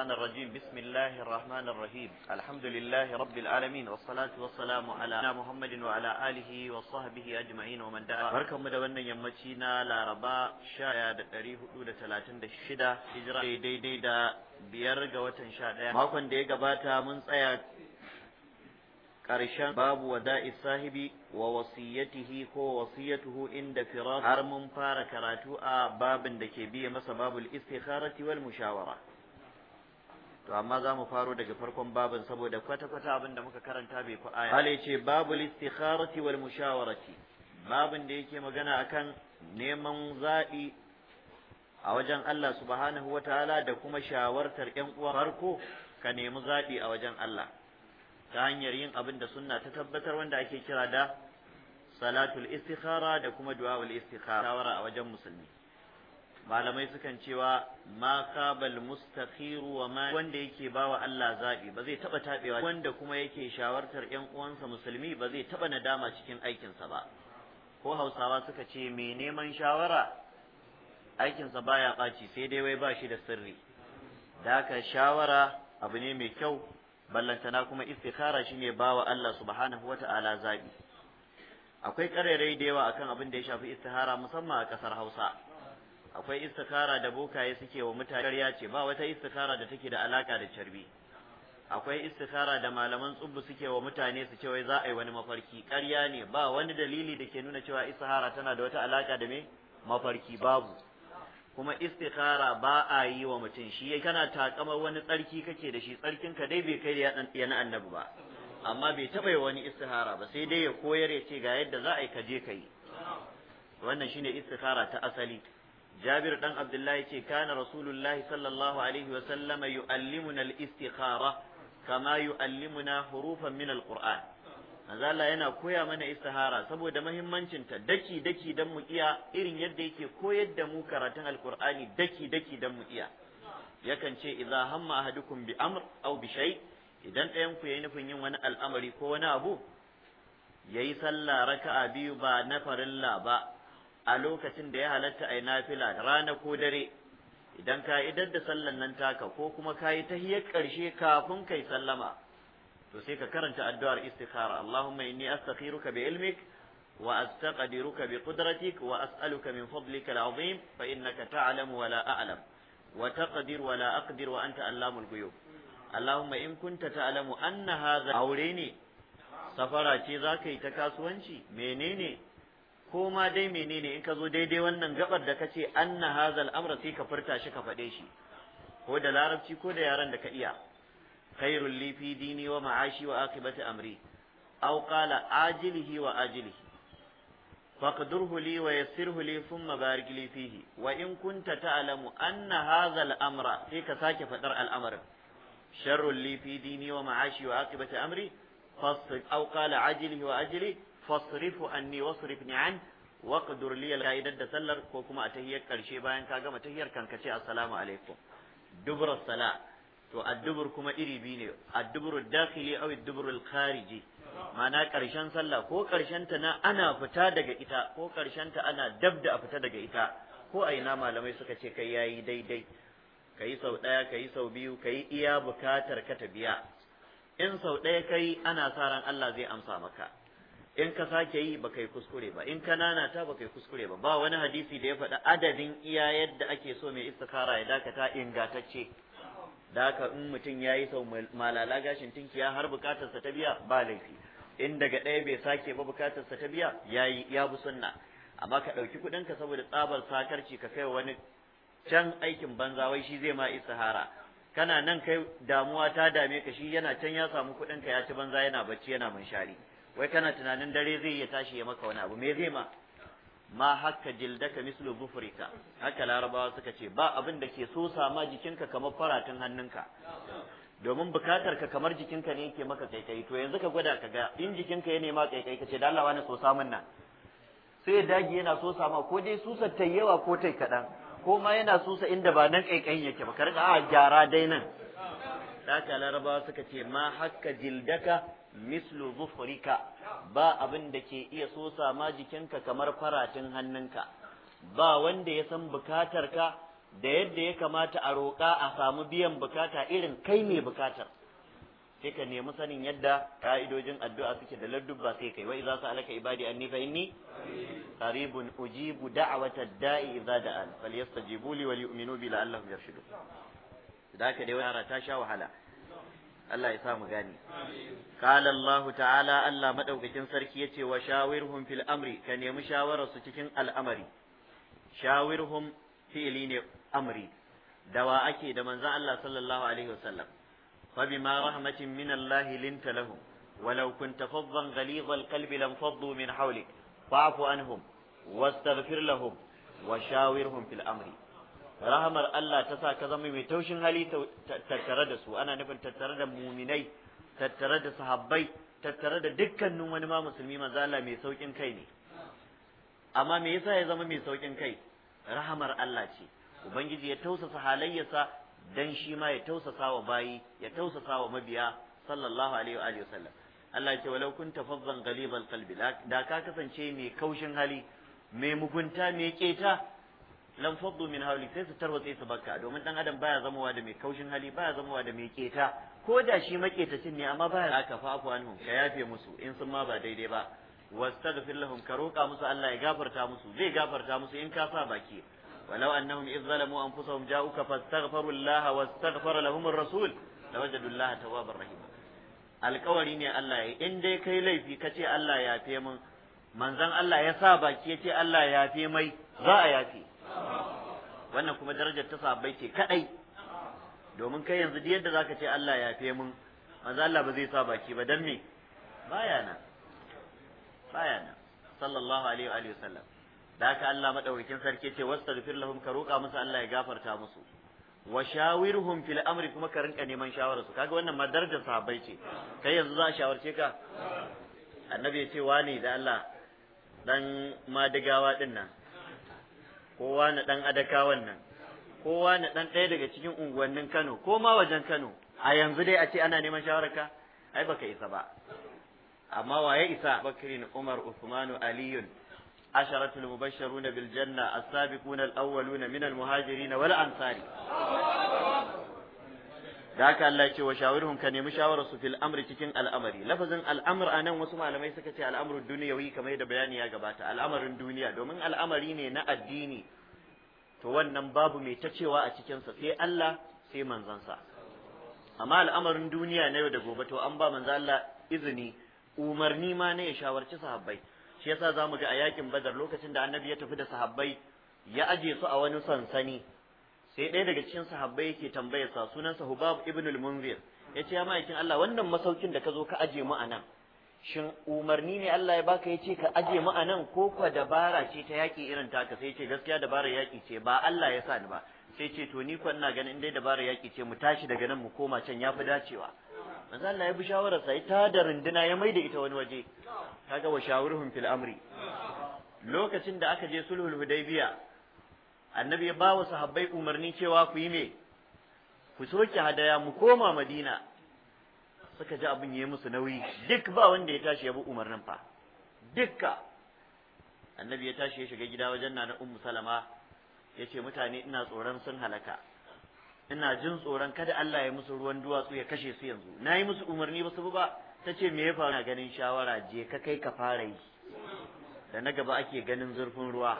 الشيطان الرجيم بسم الله الرحمن الرحيم الحمد لله رب العالمين والصلاة والسلام على محمد وعلى آله وصحبه أجمعين ومن دعا بركة مدونة يمتينا لاربا شايا دقريه أولى ثلاثة الشدة إجراء دي دي دي دا بيرغ وتنشاد ما كن دي قباتا من سايا كارشان باب وداء الصاحب ووصيته هو وصيته عند فراق هرم فارك راتوء باب دكي بي مس الاستخارة والمشاورة to amma za mu faro daga farkon babin saboda kwata-kwata abin da muka karanta bai fi aya hali ce babu listikharati wal mushawarati babin da yake magana akan neman zaɓi a wajen Allah subhanahu wataala da kuma shawartar ƴan uwa farko ka nemi zaɓi a wajen Allah ta hanyar yin abin da sunna ta tabbatar wanda ake kira da salatul istikhara da kuma du'a istikhara a wajen musulmi malamai sukan cewa ma qabal mustakhiru wa ma wanda yake bawa Allah zabi ba zai taba tabewa wanda kuma yake shawartar ƴan uwansa musulmi ba zai taba nadama cikin aikinsa ba ko Hausawa suka ce me neman shawara aikinsa baya baci sai dai wai ba shi da sirri da haka shawara abu ne mai kyau ballantana kuma istikhara shine bawa Allah subhanahu wata'ala zabi akwai karerai da yawa akan abin da ya shafi istihara musamman a kasar Hausa akwai istikara da bokaye suke wa mutane ƙarya ce ba wata istikara da take da alaka da carbi akwai istikara da malaman tsubbu suke wa mutane su ce wai za a yi wani mafarki ƙarya ne ba wani dalili da ke nuna cewa istihara tana da wata alaka da me mafarki babu kuma istikara ba a yi wa mutum shi kana takamar wani tsarki kake da shi tsarkin ka dai bai kai da yana annabi ba amma bai taɓa wani istihara ba sai dai ya koyar ya ce ga yadda za a yi ka je ka yi wannan shine istikara ta asali jabir dan abdullahi ce kana rasulullahi sallallahu alaihi wa sallama yu'allimuna al-istikhara kama yu'allimuna hurufan min al-qur'an Allah yana koya mana istihara saboda mahimmancinta daki daki dan mu iya irin yadda yake koyar da mu karatun alqur'ani daki daki dan mu iya yakan ce idza hamma ahadukum bi amr aw bi shay idan ɗayan ku yayi nufin yin wani al'amari ko wani abu yayi sallah raka'a biyu ba na farilla ba a lokacin da ya halatta ai nafila rana ko dare idan ka idar da sallan nan taka ko kuma ka yi tahiyyar ƙarshe kafin kai sallama to sai ka karanta addu'ar istikhara Allahumma inni astakhiruka bi ilmik wa astaqdiruka bi qudratik wa as'aluka min fadlika al'azim fa innaka ta'lamu wa la a'lam wa taqdir wa la aqdir wa anta allamul ghuyub Allahumma in kunta ta'lamu anna hadha aure ne safara ce zakai ta kasuwanci menene ko ma dai menene in ka zo daidai wannan gabar da kace anna hazal amra sai ka furta shi ka faɗe shi ko da larabci ko da yaran da ka iya khairul li fi dini wa ma'ashi wa aqibati amri aw qala ajilihi wa ajilihi faqdurhu li wa yassirhu li thumma barik li fihi wa in kunta ta'lamu anna hazal amra sai ka sake faɗar al'amarin sharrul li fi dini wa ma'ashi wa aqibati amri fasl aw qala ajilihi wa ajilihi fasrifu anni ni an waqdur li al-ghaidar da sallar ko kuma a tahiyyar karshe bayan ka gama tahiyyar kankace assalamu alaikum dubra sala to addubur kuma iri biyu ne addubur dakhili aw addubur al-khariji ma'ana karshen sallah ko karshen ta na ana fita daga ita ko karshen ta ana dabda a fita daga ita ko a ina malamai suka ce kai yayi daidai kai sau daya kai sau biyu kai iya bukatar ka ta biya in sau daya kai ana sa ran Allah zai amsa maka in ka sake yi ba kai kuskure ba in ka nanata ba kai kuskure ba ba wani hadisi da ya faɗa adadin iya yadda ake so mai istikara ya dakata ingatacce da haka in mutum ya yi sau malala gashin tinkiya har bukatarsa ta biya ba laifi in daga ɗaya bai sake ba bukatarsa ta biya ya yi ya bi sunna amma ka ɗauki ka saboda tsabar sakarci ka kai wani can aikin banza wai shi zai ma istihara kana nan kai damuwa ta dame ka shi yana can ya samu kuɗinka ya ci banza yana bacci yana munshari shari wai kana tunanin dare zai iya tashi ya maka wani abu me zai ma ma haka jildaka mislu bufrika haka larabawa suka ce ba abin da ke so sama jikinka kamar faratin hannunka domin bukatar ka kamar jikinka ne yake maka kaikai to yanzu ka gwada ka ga in jikinka ya nema kaikai ka ce da Allah wani so samun nan sai ya dage yana so sama ko dai susa ta yawa ko tai kaɗan ko ma yana susa inda ba nan kaikai yake ba ka rika a gyara dai nan haka larabawa suka ce ma haka jildaka mislu zufurika ba abin da ke iya so sama jikinka kamar faratin hannunka ba wanda ya san bukatarka da yadda ya kamata a roƙa a samu biyan bukata irin kai mai bukatar sai ka nemi sanin yadda ka'idojin addu'a suke da ladduba sai kai wa idza sa'alaka ibadi anni fa inni qaribun ujibu da'wata da'i idza da'an falyastajibu li wa liyu'minu bi la'allahum yarshudun da haka dai wani ta sha wahala Allah ya sa mu gane qala Allah ta'ala Allah madaukakin sarki yace wa shawirhum fil amri ka nemi shawarar su cikin al'amari shawirhum fi'li ne amri dawa ake da manzon Allah sallallahu alaihi wasallam fa bima rahmatin min Allah linta lahum walau kunta faddan ghalidha qalbi lam faddu min hawlik fa'fu anhum wastaghfir lahum wa shawirhum fil amri rahamar Allah ta sa ka zama mai taushin hali tattare da su ana nufin tattare da muminai tattare da sahabbai tattare da dukkanin wani ma musulmi manzo la mai saukin kai ne amma me yasa ya zama mai saukin kai rahamar Allah ce ubangiji ya tausasa halayyarsa dan shi ma ya tausasa wa bayi ya tausasa wa mabiya sallallahu alaihi wa alihi wasallam Allah ya ce walau kunta fazzan qalbi da ka kasance mai kaushin hali mai mugunta mai keta lan faddu min hawli sai su tarwatse su bakka domin dan adam baya zamowa da mai kaushin hali baya zamowa da mai keta ko da shi maketacin ne amma baya aka fa anhum ka yafe musu in sun ma ba daidai ba wastaghfir lahum ka roƙa musu Allah ya gafarta musu zai gafarta musu in ka sa baki walau annahum idh zalamu anfusahum ja'uka fastaghfiru Allah wastaghfara lahum ar-rasul lawajadu Allah tawwabar rahim alƙawari ne Allah ya in dai kai laifi ka ce Allah ya fe mun manzon Allah ya sa baki yace ce Allah ya fe mai za a yafe wannan kuma darajar ta sahabbai ce kadai domin kai yanzu duk yadda zaka ce Allah ya fi mun manzo Allah ba zai sa baki ba dan me baya na, baya na. sallallahu alaihi wa alihi wasallam da haka Allah madaukakin sarki ce wastaghfir lahum ka roka musu Allah ya gafarta musu wa shawirhum fil amri kuma ka rinka neman shawara su kaga wannan ma darajar sahabbai ce kai yanzu za a shawarce ka annabi ya ce wani da Allah dan madigawa din kowa na ɗan adaka wannan, kowa na ɗan ɗaya daga cikin unguwannin Kano ko ma wajen Kano a yanzu dai a ce ana neman shawararka ai baka isa ba amma waye isa Bakrin Umar Uthman Ali عشرة المبشرون بالجنة السابقون الأولون من المهاجرين والأنصار da haka Allah ya ce wa shawirhum ka nemi shawara su fil amri cikin al'amari lafazin al'amr anan wasu malamai suka ce al'amrud dunyawi kamar yadda bayani ya gabata al'amarin duniya domin al'amari ne na addini to wannan babu mai ta cewa a cikin sa sai Allah sai manzansa amma al'amarin duniya na yau da gobe to an ba manzo Allah izini umarni ma ne ya shawarci sahabbai shi yasa zamu ga a yakin badar lokacin da annabi ya tafi da sahabbai ya aje su a wani sansani sai ɗaya daga cikin sahabbai yake tambayar sa sunansa Hubab ibn al-Munzir yace ya ma'aikin Allah wannan masaukin da ka zo ka aje mu anan shin umarni ne Allah ya baka yace ka aje mu anan ko kwa dabara ce ta yaki irin taka sai yace gaskiya dabarar yaki ce ba Allah ya sa ni ba sai yace to ni kwa ina ganin dai dabarar yaki ce mu tashi daga nan mu koma can yafi dacewa manzo Allah ya bi shawarar sa ta da runduna ya maida ita wani waje kaga wa shawuruhum fil amri lokacin da aka je sulhul hudaybiya annabi ya ba wa sahabbai umarni cewa ku yi me ku soke hadaya mu koma madina suka ji abin yayi musu nauyi duk ba wanda ya tashi ya bi umarnin fa dukka annabi ya tashi ya shiga gida wajen nana ummu salama ya ce mutane ina tsoron sun halaka ina jin tsoron kada Allah ya musu ruwan duwatsu ya kashe su yanzu na yi musu umarni ba su ba ta ce me ya faru na ganin shawara je ka kai ka fara yi da na gaba ake ganin zurfin ruwa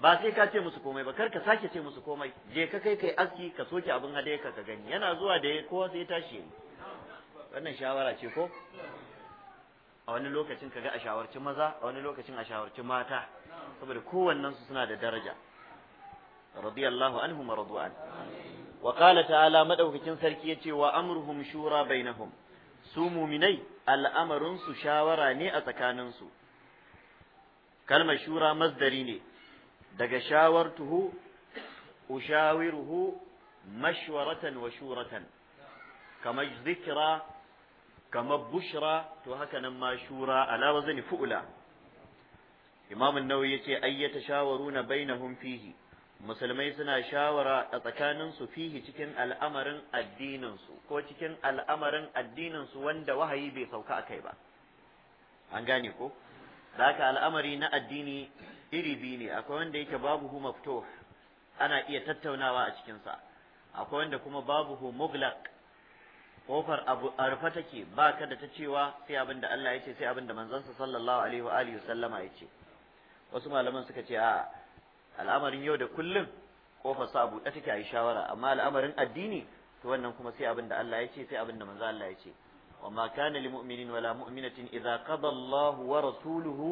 ba sai ka ce musu komai ba kar ka sake ce musu komai je ka kai kai aski ka soke abin hadaya ka ka gani yana zuwa da kowa sai tashi wannan shawara ce ko a wani lokacin kaga a shawarci maza a wani lokacin a shawarci mata saboda kowannen su suna da daraja radiyallahu anhum wa radu wa qala ta'ala madaukakin sarki yace wa amruhum shura bainahum su muminai al'amarin su shawara ne a tsakaninsu kalmar shura masdari ne daga shawartuhu ushawiruhu mashwaratan wa shuratan kamar zikira kamar bushra to haka nan ma shura alawa wazni fu'ula imam an-nawawi ce ayyata shawaruna bainahum fihi musulmai suna shawara a tsakaninsu fihi cikin al'amarin addininsu ko cikin al'amarin addininsu wanda wahayi bai sauka a kai ba an gane ko da haka al'amari na addini iri biyu ne akwai wanda yake babu hu maftuh ana iya tattaunawa a cikin sa akwai wanda kuma babu hu muglaq kofar abu a rufe take ba ka da ta cewa sai abin da Allah ya ce sai abin da manzansa sallallahu alaihi wa alihi sallama ya ce wasu malaman suka ce a al'amarin yau da kullum kofar sa buɗe take a yi shawara amma al'amarin addini to wannan kuma sai abin da Allah ya ce sai abin da manzo Allah ya ce وما كان لمؤمن ولا مؤمنة إذا قضى الله ورسوله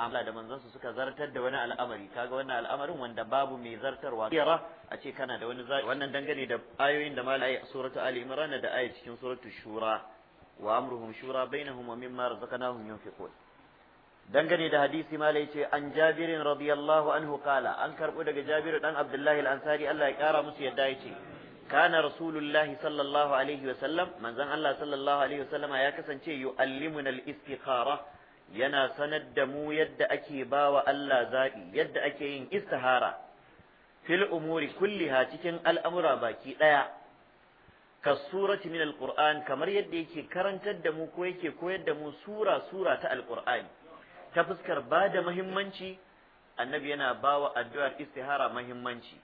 amla da manzansu suka zartar da wani al'amari kaga wannan al'amarin wanda babu mai zartarwa yara a ce kana da wani zai wannan dangane da ayoyin da malai a suratu ali imran da ayi cikin suratu shura wa amruhum shura bainahum wa mimma razaqnahum yunfiqun dangane da hadisi malai ce an jabirin radiyallahu anhu qala an karɓo daga jabiru dan abdullahi al-ansari Allah ya kara musu yadda yace kana rasulullahi sallallahu alaihi wa sallam manzon Allah sallallahu alaihi wa sallama ya kasance yu'allimuna al-istikhara yana sanar da mu yadda ake bawa Allah zabi yadda ake yin istihara fil umuri kulliha cikin al'amura baki daya kasurati min alquran kamar yadda yake karantar da mu ko yake koyar da mu sura sura ta alqur'ani ta fuskar ba da mahimmanci, annabi yana bawa addu'ar istihara mahimmanci.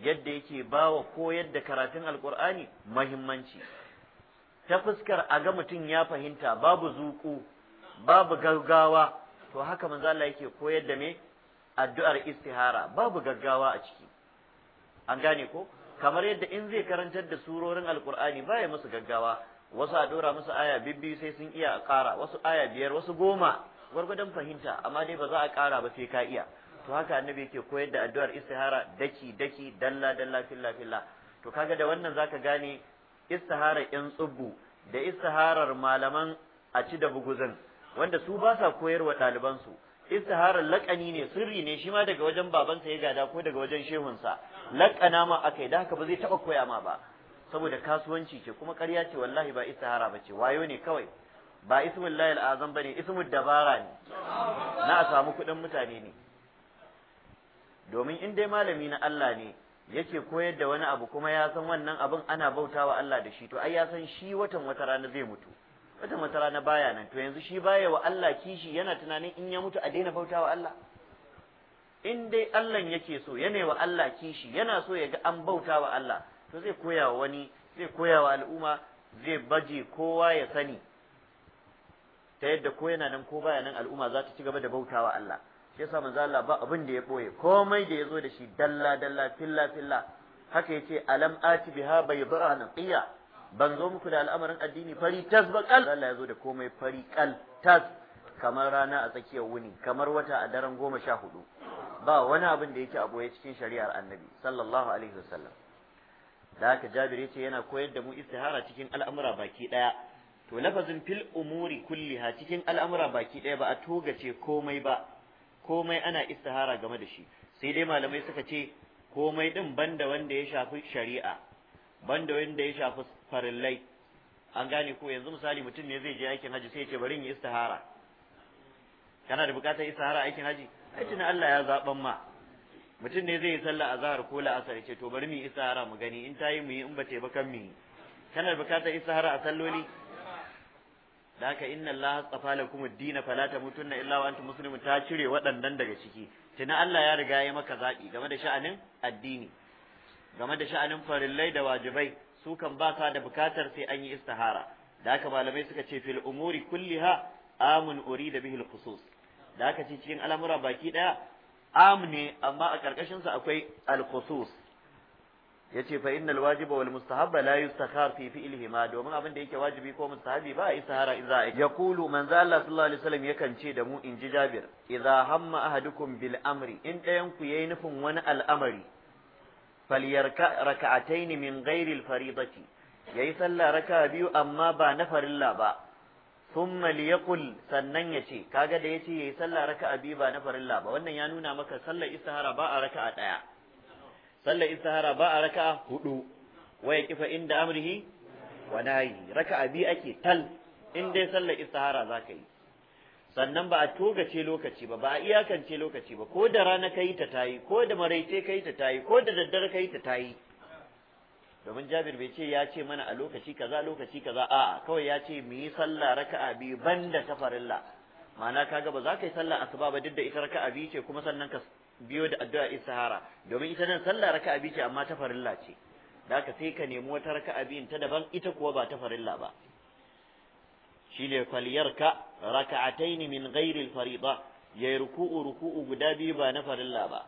yadda yake wa koyar da karatun alkur'ani mahimmanci ta fuskar a ga mutum ya fahimta babu zuku babu gaggawa to haka manzo Allah yake koyar da me addu'ar istihara babu gaggawa a ciki an gane ko kamar yadda in zai karantar da surorin alkur'ani baya musu gaggawa wasu a dora musu aya bibbi sai sun iya ƙara wasu aya biyar wasu goma gwargwadon fahimta amma dai ba za a ƙara ba sai ka iya to haka annabi yake koyar da addu'ar istihara daki daki dalla dalla filla filla to kaga da wannan zaka gane istiharar yan tsubbu da istiharar malaman a ci da buguzan wanda su ba sa koyarwa ɗaliban su istiharar laƙani ne sirri ne shi ma daga wajen babansa ya gada ko daga wajen shehunsa laƙana ma akai da haka ba zai taɓa koya ma ba saboda kasuwanci ce kuma ƙarya ce wallahi ba istihara ba ce wayo ne kawai ba ismin layil azam ne ismu dabara ne na a samu kuɗin mutane ne domin in dai malami na Allah ne yake koyar da wani abu kuma ya san wannan abin ana bautawa Allah da shi to ai ya san shi watan wata rana zai mutu watan wata rana baya nan to yanzu shi baya wa Allah kishi yana tunanin in ya mutu a daina bautawa Allah in dai Allah yake so yana wa Allah kishi yana so ya ga an bautawa Allah to zai koya wa wani zai koya al'umma zai baje kowa ya sani ta yadda ko yana nan ko baya nan al'umma za ta ci gaba da bautawa Allah shi yasa manzo Allah ba abin da ya boye komai da yazo da shi dalla dalla filla filla haka yace alam ati biha bayda naqiya ban zo muku da al'amarin addini fari tas ba Allah yazo da komai fari kal tas kamar rana a tsakiyar wuni kamar wata a daren goma sha hudu ba wani abin da yake a boye cikin shari'ar annabi sallallahu alaihi wasallam da haka jabir yace yana koyar da mu istihara cikin al'amura baki daya to lafazin fil umuri kulliha cikin al'amura baki daya ba a togace komai ba komai ana istihara game da shi sai dai malamai suka ce komai din banda wanda ya shafi shari'a banda wanda ya shafi farillai an gane ko yanzu misali mutum ne zai je aikin haji sai ya ce bari in yi istihara kana da bukatar istihara aikin haji aikin Allah ya zaban ma mutum ne zai yi sallah azhar ko la'asar ya ce to bari mu yi istihara mu gani in tayi mu yi in ba ba kan mu yi kana da bukatar istihara a salloli da haka inna Allah tsafa lakum ad-din fala tamutunna illa wa antum muslimun ta cire waɗannan daga ciki tuna Allah ya riga ya maka zaɓi game da sha'anin addini game da sha'anin farillai da wajibai su kan ba ka da bukatar sai an yi istihara da haka malamai suka ce fil umuri kulliha amun urida bihi al-khusus da haka ce cikin al'amura baki daya am amma a karkashin sa akwai al-khusus ce fa innal wajiba wal mustahabba la yustakhar fi fi'lihi ma domin abin da yake wajibi ko mustahabi ba a istihara idza yaqulu manzo Allah sallallahu alaihi wasallam yakan ce da mu in ji Jabir idza hamma ahadukum bil amri in dayan ku yayi nufin wani al'amari falyarka rak'atayn min ghairi al faridati yayi sallah raka biyu amma ba na farilla ba thumma liyaqul sannan yace kaga da yace yayi sallah raka biyu ba na farilla ba wannan ya nuna maka sallar istihara ba a raka'a daya sallar istihara ba a raka'a hudu wa yaqifa inda amrihi wa nahyi raka'a bi ake tal in dai sallar istihara zaka yi sannan ba a togace lokaci ba ba a iyakance lokaci ba ko da rana kai ta tayi ko da maraice kai ta tayi ko da daddare kai ta tayi domin Jabir bai ce ya ce mana a lokaci kaza lokaci kaza a kawai ya ce mu yi sallah raka'a biyu banda tafarilla tafarilla ma'ana kaga ba za ka yi sallah asuba ba duk da ita raka'a biyu ce kuma sannan biyo da addu'a istihara domin ita nan sallah raka'a biyu ce amma ta farilla ce da haka sai ka nemi wata raka'a biyun ta daban ita kuwa ba ta farilla ba shine falyarka raka'ataini min ghairi al-fariḍa yayi ruku'u ruku'u guda biyu ba na farilla ba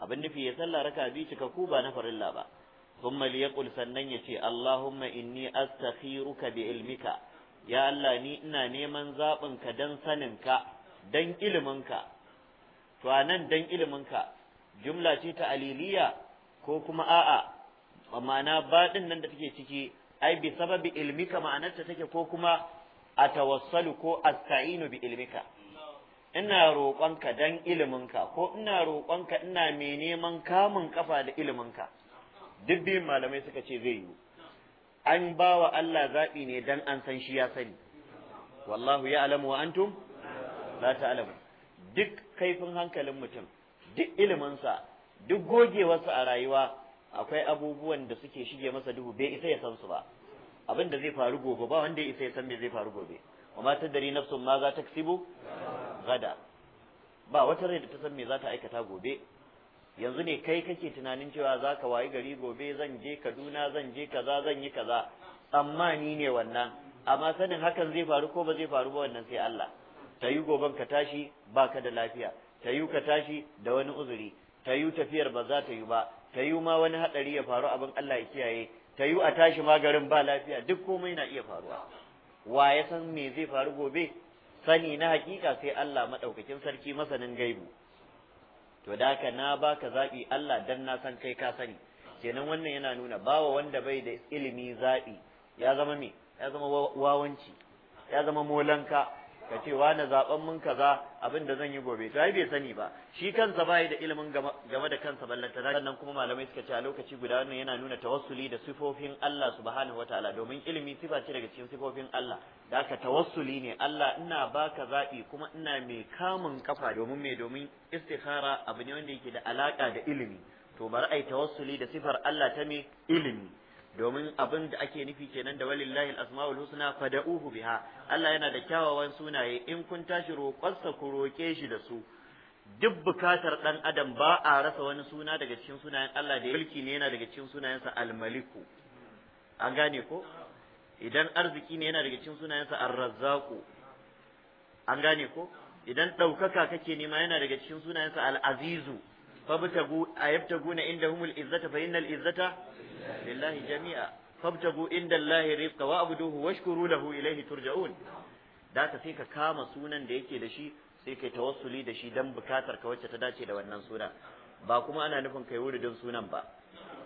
abin nufi ya sallah raka'a biyu cika ku ba na farilla ba sannan ثم ليقل inni يتي اللهم إني أستخيرك بعلمك يا الله ني إنا نيمن زابنك دن dan دن ka to a nan dan iliminka jumla ce ta aliliya ko kuma a'a ma'ana baɗin nan da take ciki ai bi sababi ilmika ma'anarta take ko kuma a tawassalu ko asta'inu bi ilmika ina roƙonka dan iliminka ko ina roƙonka ina mai neman kamun kafa da iliminka duk biyun malamai suka ce zai yiwu an ba wa Allah zaɓi ne dan an san shi ya sani wallahu ya alamu wa antum la ta'lamu duk kaifin hankalin mutum duk iliminsa duk gogewarsa a rayuwa akwai abubuwan da suke shige masa duhu bai isa ya san su ba abin da zai faru gobe ba wanda ya isa ya san me zai faru gobe amma ta dari ma za ta kasibu gada ba wata rai da ta san me za ta aikata gobe yanzu ne kai kake tunanin cewa za ka wayi gari gobe zan je kaduna zan je kaza zan yi kaza amma ni ne wannan amma sanin hakan zai faru ko ba zai faru ba wannan sai Allah ta yi goben ka tashi baka da lafiya ta yi ka tashi da wani uzuri ta yi tafiyar ba za ta yi ba ta yi ma wani haɗari ya faru abin Allah ya kiyaye ta yi a tashi magarin ba lafiya duk komai na iya faruwa wa ya san me zai faru gobe sani na hakika sai Allah madaukakin sarki masanin gaibu to da haka na baka zaɓi Allah dan na san kai ka sani kenan wannan yana nuna bawa wanda bai da ilimi zaɓi ya zama me ya zama wawanci ya zama molanka ka ce wani zaben mun kaza abin da zan yi gobe to ai bai sani ba shi kansa bai da ilimin game da kansa ballanta sannan kuma malamai suka ce a lokaci guda wannan yana nuna tawassuli da sifofin Allah subhanahu wataala domin ilimi sifa ce daga cikin sifofin Allah da ka tawassuli ne Allah ina baka zaɓi kuma ina mai kamun kafa domin me domin istikhara abu ne wanda yake da alaka da ilimi to bari ai tawassuli da sifar Allah ta mai ilimi domin abin da ake nufi kenan da walillahi al-asmaul husna fad'uhu biha Allah yana da kyawawan sunaye in kun tashi roƙonsa ku roƙe shi da su duk bukatar dan adam ba a rasa wani suna daga cikin sunayen Allah da mulki ne yana daga cikin sunayensa al-maliku an gane ko idan arziki ne yana daga cikin sunayensa ar-razzaqu an gane ko idan ɗaukaka kake nema yana daga cikin sunayensa al-azizu fabtagu ayabtaguna indahumul izzata fa innal izzata لله jami'a fabtagu عند الله الرزق wa abuduhu washkuru اليه ترجعون turja'un da ka sai ka kama sunan da yake da shi sai kai tawassuli da shi dan bukatar ka wacce ta dace da wannan suna ba kuma ana nufin kai wuri dan sunan ba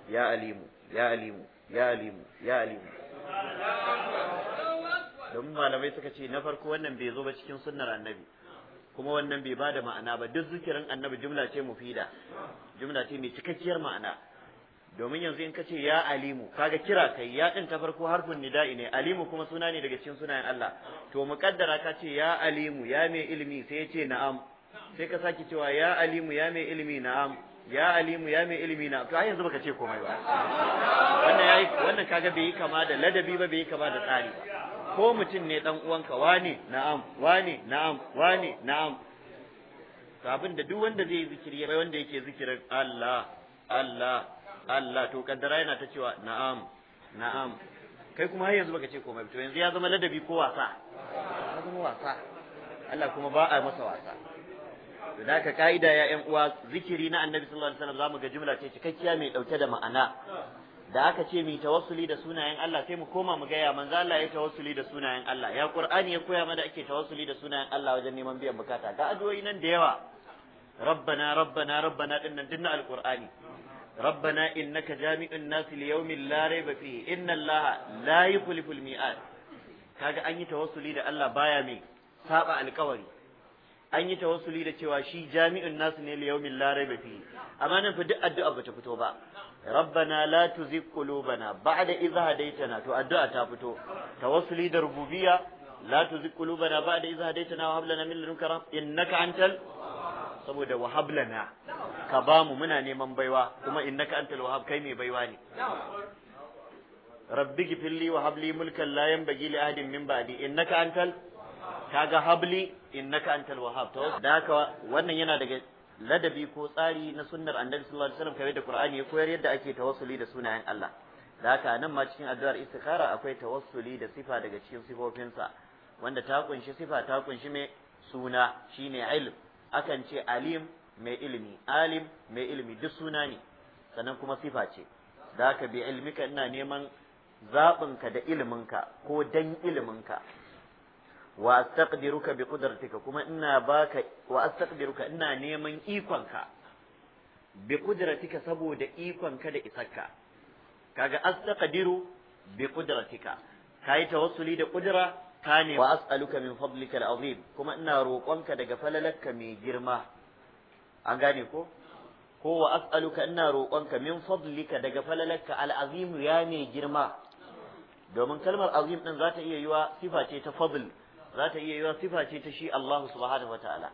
ya alimu ya alimu ya alimu ya alimu domin malamai suka ce na farko wannan bai zo ba cikin sunnar annabi kuma wannan bai bada ma'ana ba duk zikirin annabi jumla ce mufida jumla ce mai cikakkiyar ma'ana domin yanzu in kace ya alimu kaga kira kai ya din ta farko harfin nida'i ne alimu kuma suna ne daga cikin sunayen Allah to muqaddara ka ce ya alimu ya mai ilimi sai ya ce na'am sai ka saki cewa ya alimu ya mai ilimi na'am ya alimu ya mai ilimi na to yanzu baka ce komai ba wannan yayi wannan kaga bai yi kama da ladabi ba bai yi kama da tsari ba ko mutum ne dan uwanka wani, na'am wani, na'am wani, na'am to abinda da duk wanda zai zikiri wanda yake zikirin Allah Allah Allah to kaddara yana ta cewa na'am na'am kai kuma yanzu baka ce komai to yanzu ya zama ladabi ko wasa ya zama wasa Allah kuma ba a masa wasa to da ka ka'ida ya ƴan uwa zikiri na annabi sallallahu alaihi wasallam zamu ga jumla ce cikakkiya mai dauke da ma'ana da aka ce mu tawassuli da sunayen Allah sai mu koma mu gaya ya manzo Allah ya tawassuli da sunayen Allah ya Qur'ani ya koya mana ake tawassuli da sunayen Allah wajen neman biyan bukata ga addu'o'i nan da yawa ربنا ربنا ربنا din nan na ربنا إنك جامع الناس ليوم لا ريب فيه إن الله لا يخلف الميعاد kaga an yi tawassuli da Allah baya mai saba alƙawari. an yi tawassuli da cewa shi jami'in nasu ne li yawmin la raiba fihi amma nan fa duk addu'a bata fito ba rabbana la tuzigh qulubana ba'da idh hadaytana to addu'a ta fito tawassuli da rububiyya la tuzigh qulubana ba'da idh hadaytana wa hab lana min ladunka rahmah innaka antal saboda wahablana ka bamu muna neman baiwa kuma innaka antal wahab kai mai baiwa ne rabbi gifilli wa habli mulkan la yanbaghi li ahadin min ba'di innaka antal kaga habli innaka antal wahab to da haka wannan yana daga ladabi ko tsari na sunnar annabi sallallahu alaihi wasallam kamar da qur'ani ya koyar yadda ake tawassuli da sunayen Allah da haka nan ma cikin addu'ar istikhara akwai tawassuli da sifa daga cikin sifofinsa wanda ta kunshi sifa ta kunshi mai suna shine ilm akan ce alim mai ilimi alim mai ilimi duk suna ne sannan kuma sifa ce da ka bi ilmika ina neman zaɓinka da iliminka ko dan iliminka wa astaqdiruka bi qudratika kuma ina baka wa astaqdiruka ina neman ikonka bi qudratika saboda ikonka da isarka kaga astaqdiru bi qudratika kai tawassuli da qudra wa as'aluka min fadlika al'azim kuma ina roƙonka daga falalarka mai girma an gane ko ko wa as'aluka ina roƙonka min fadlika daga falalarka al'azim ya mai girma domin kalmar azim din za ta iya yiwa sifa ce ta fadl za ta iya yiwa sifa ce ta shi Allah subhanahu wa ta'ala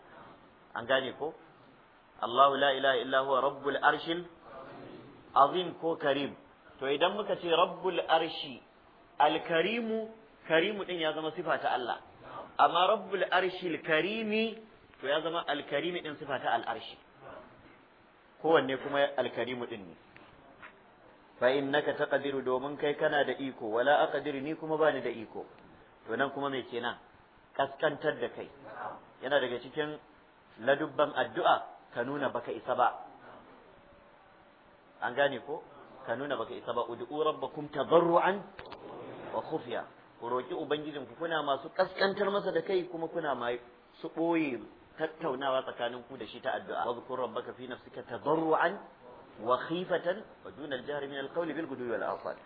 an gane ko Allahu la ilaha illa huwa rabbul arshil azim ko karim to idan muka ce rabbul arshi alkarimu karimu din ya zama sifa ta Allah amma rabbul arshil karimi to ya zama alkarimi din sifa ta al'arshi kowanne kuma alkarimu din ne fa innaka taqdiru domin kai kana da iko wala aqdiru ni kuma bani da iko to nan kuma me kenan kaskantar da kai yana daga cikin ladubban addu'a ka nuna baka isa ba an gane ko ka nuna baka isa ba ud'u rabbakum tadarruan wa khufiya ku roki ubangijinku kuna masu kaskantar masa da kai kuma kuna masu ɓoye tattaunawa tsakanin ku da shi ta addu'a wadhkur rabbaka fi nafsika tadarruan wa khifatan wa duna al-jahri min al-qawl bil ghudwi wal asal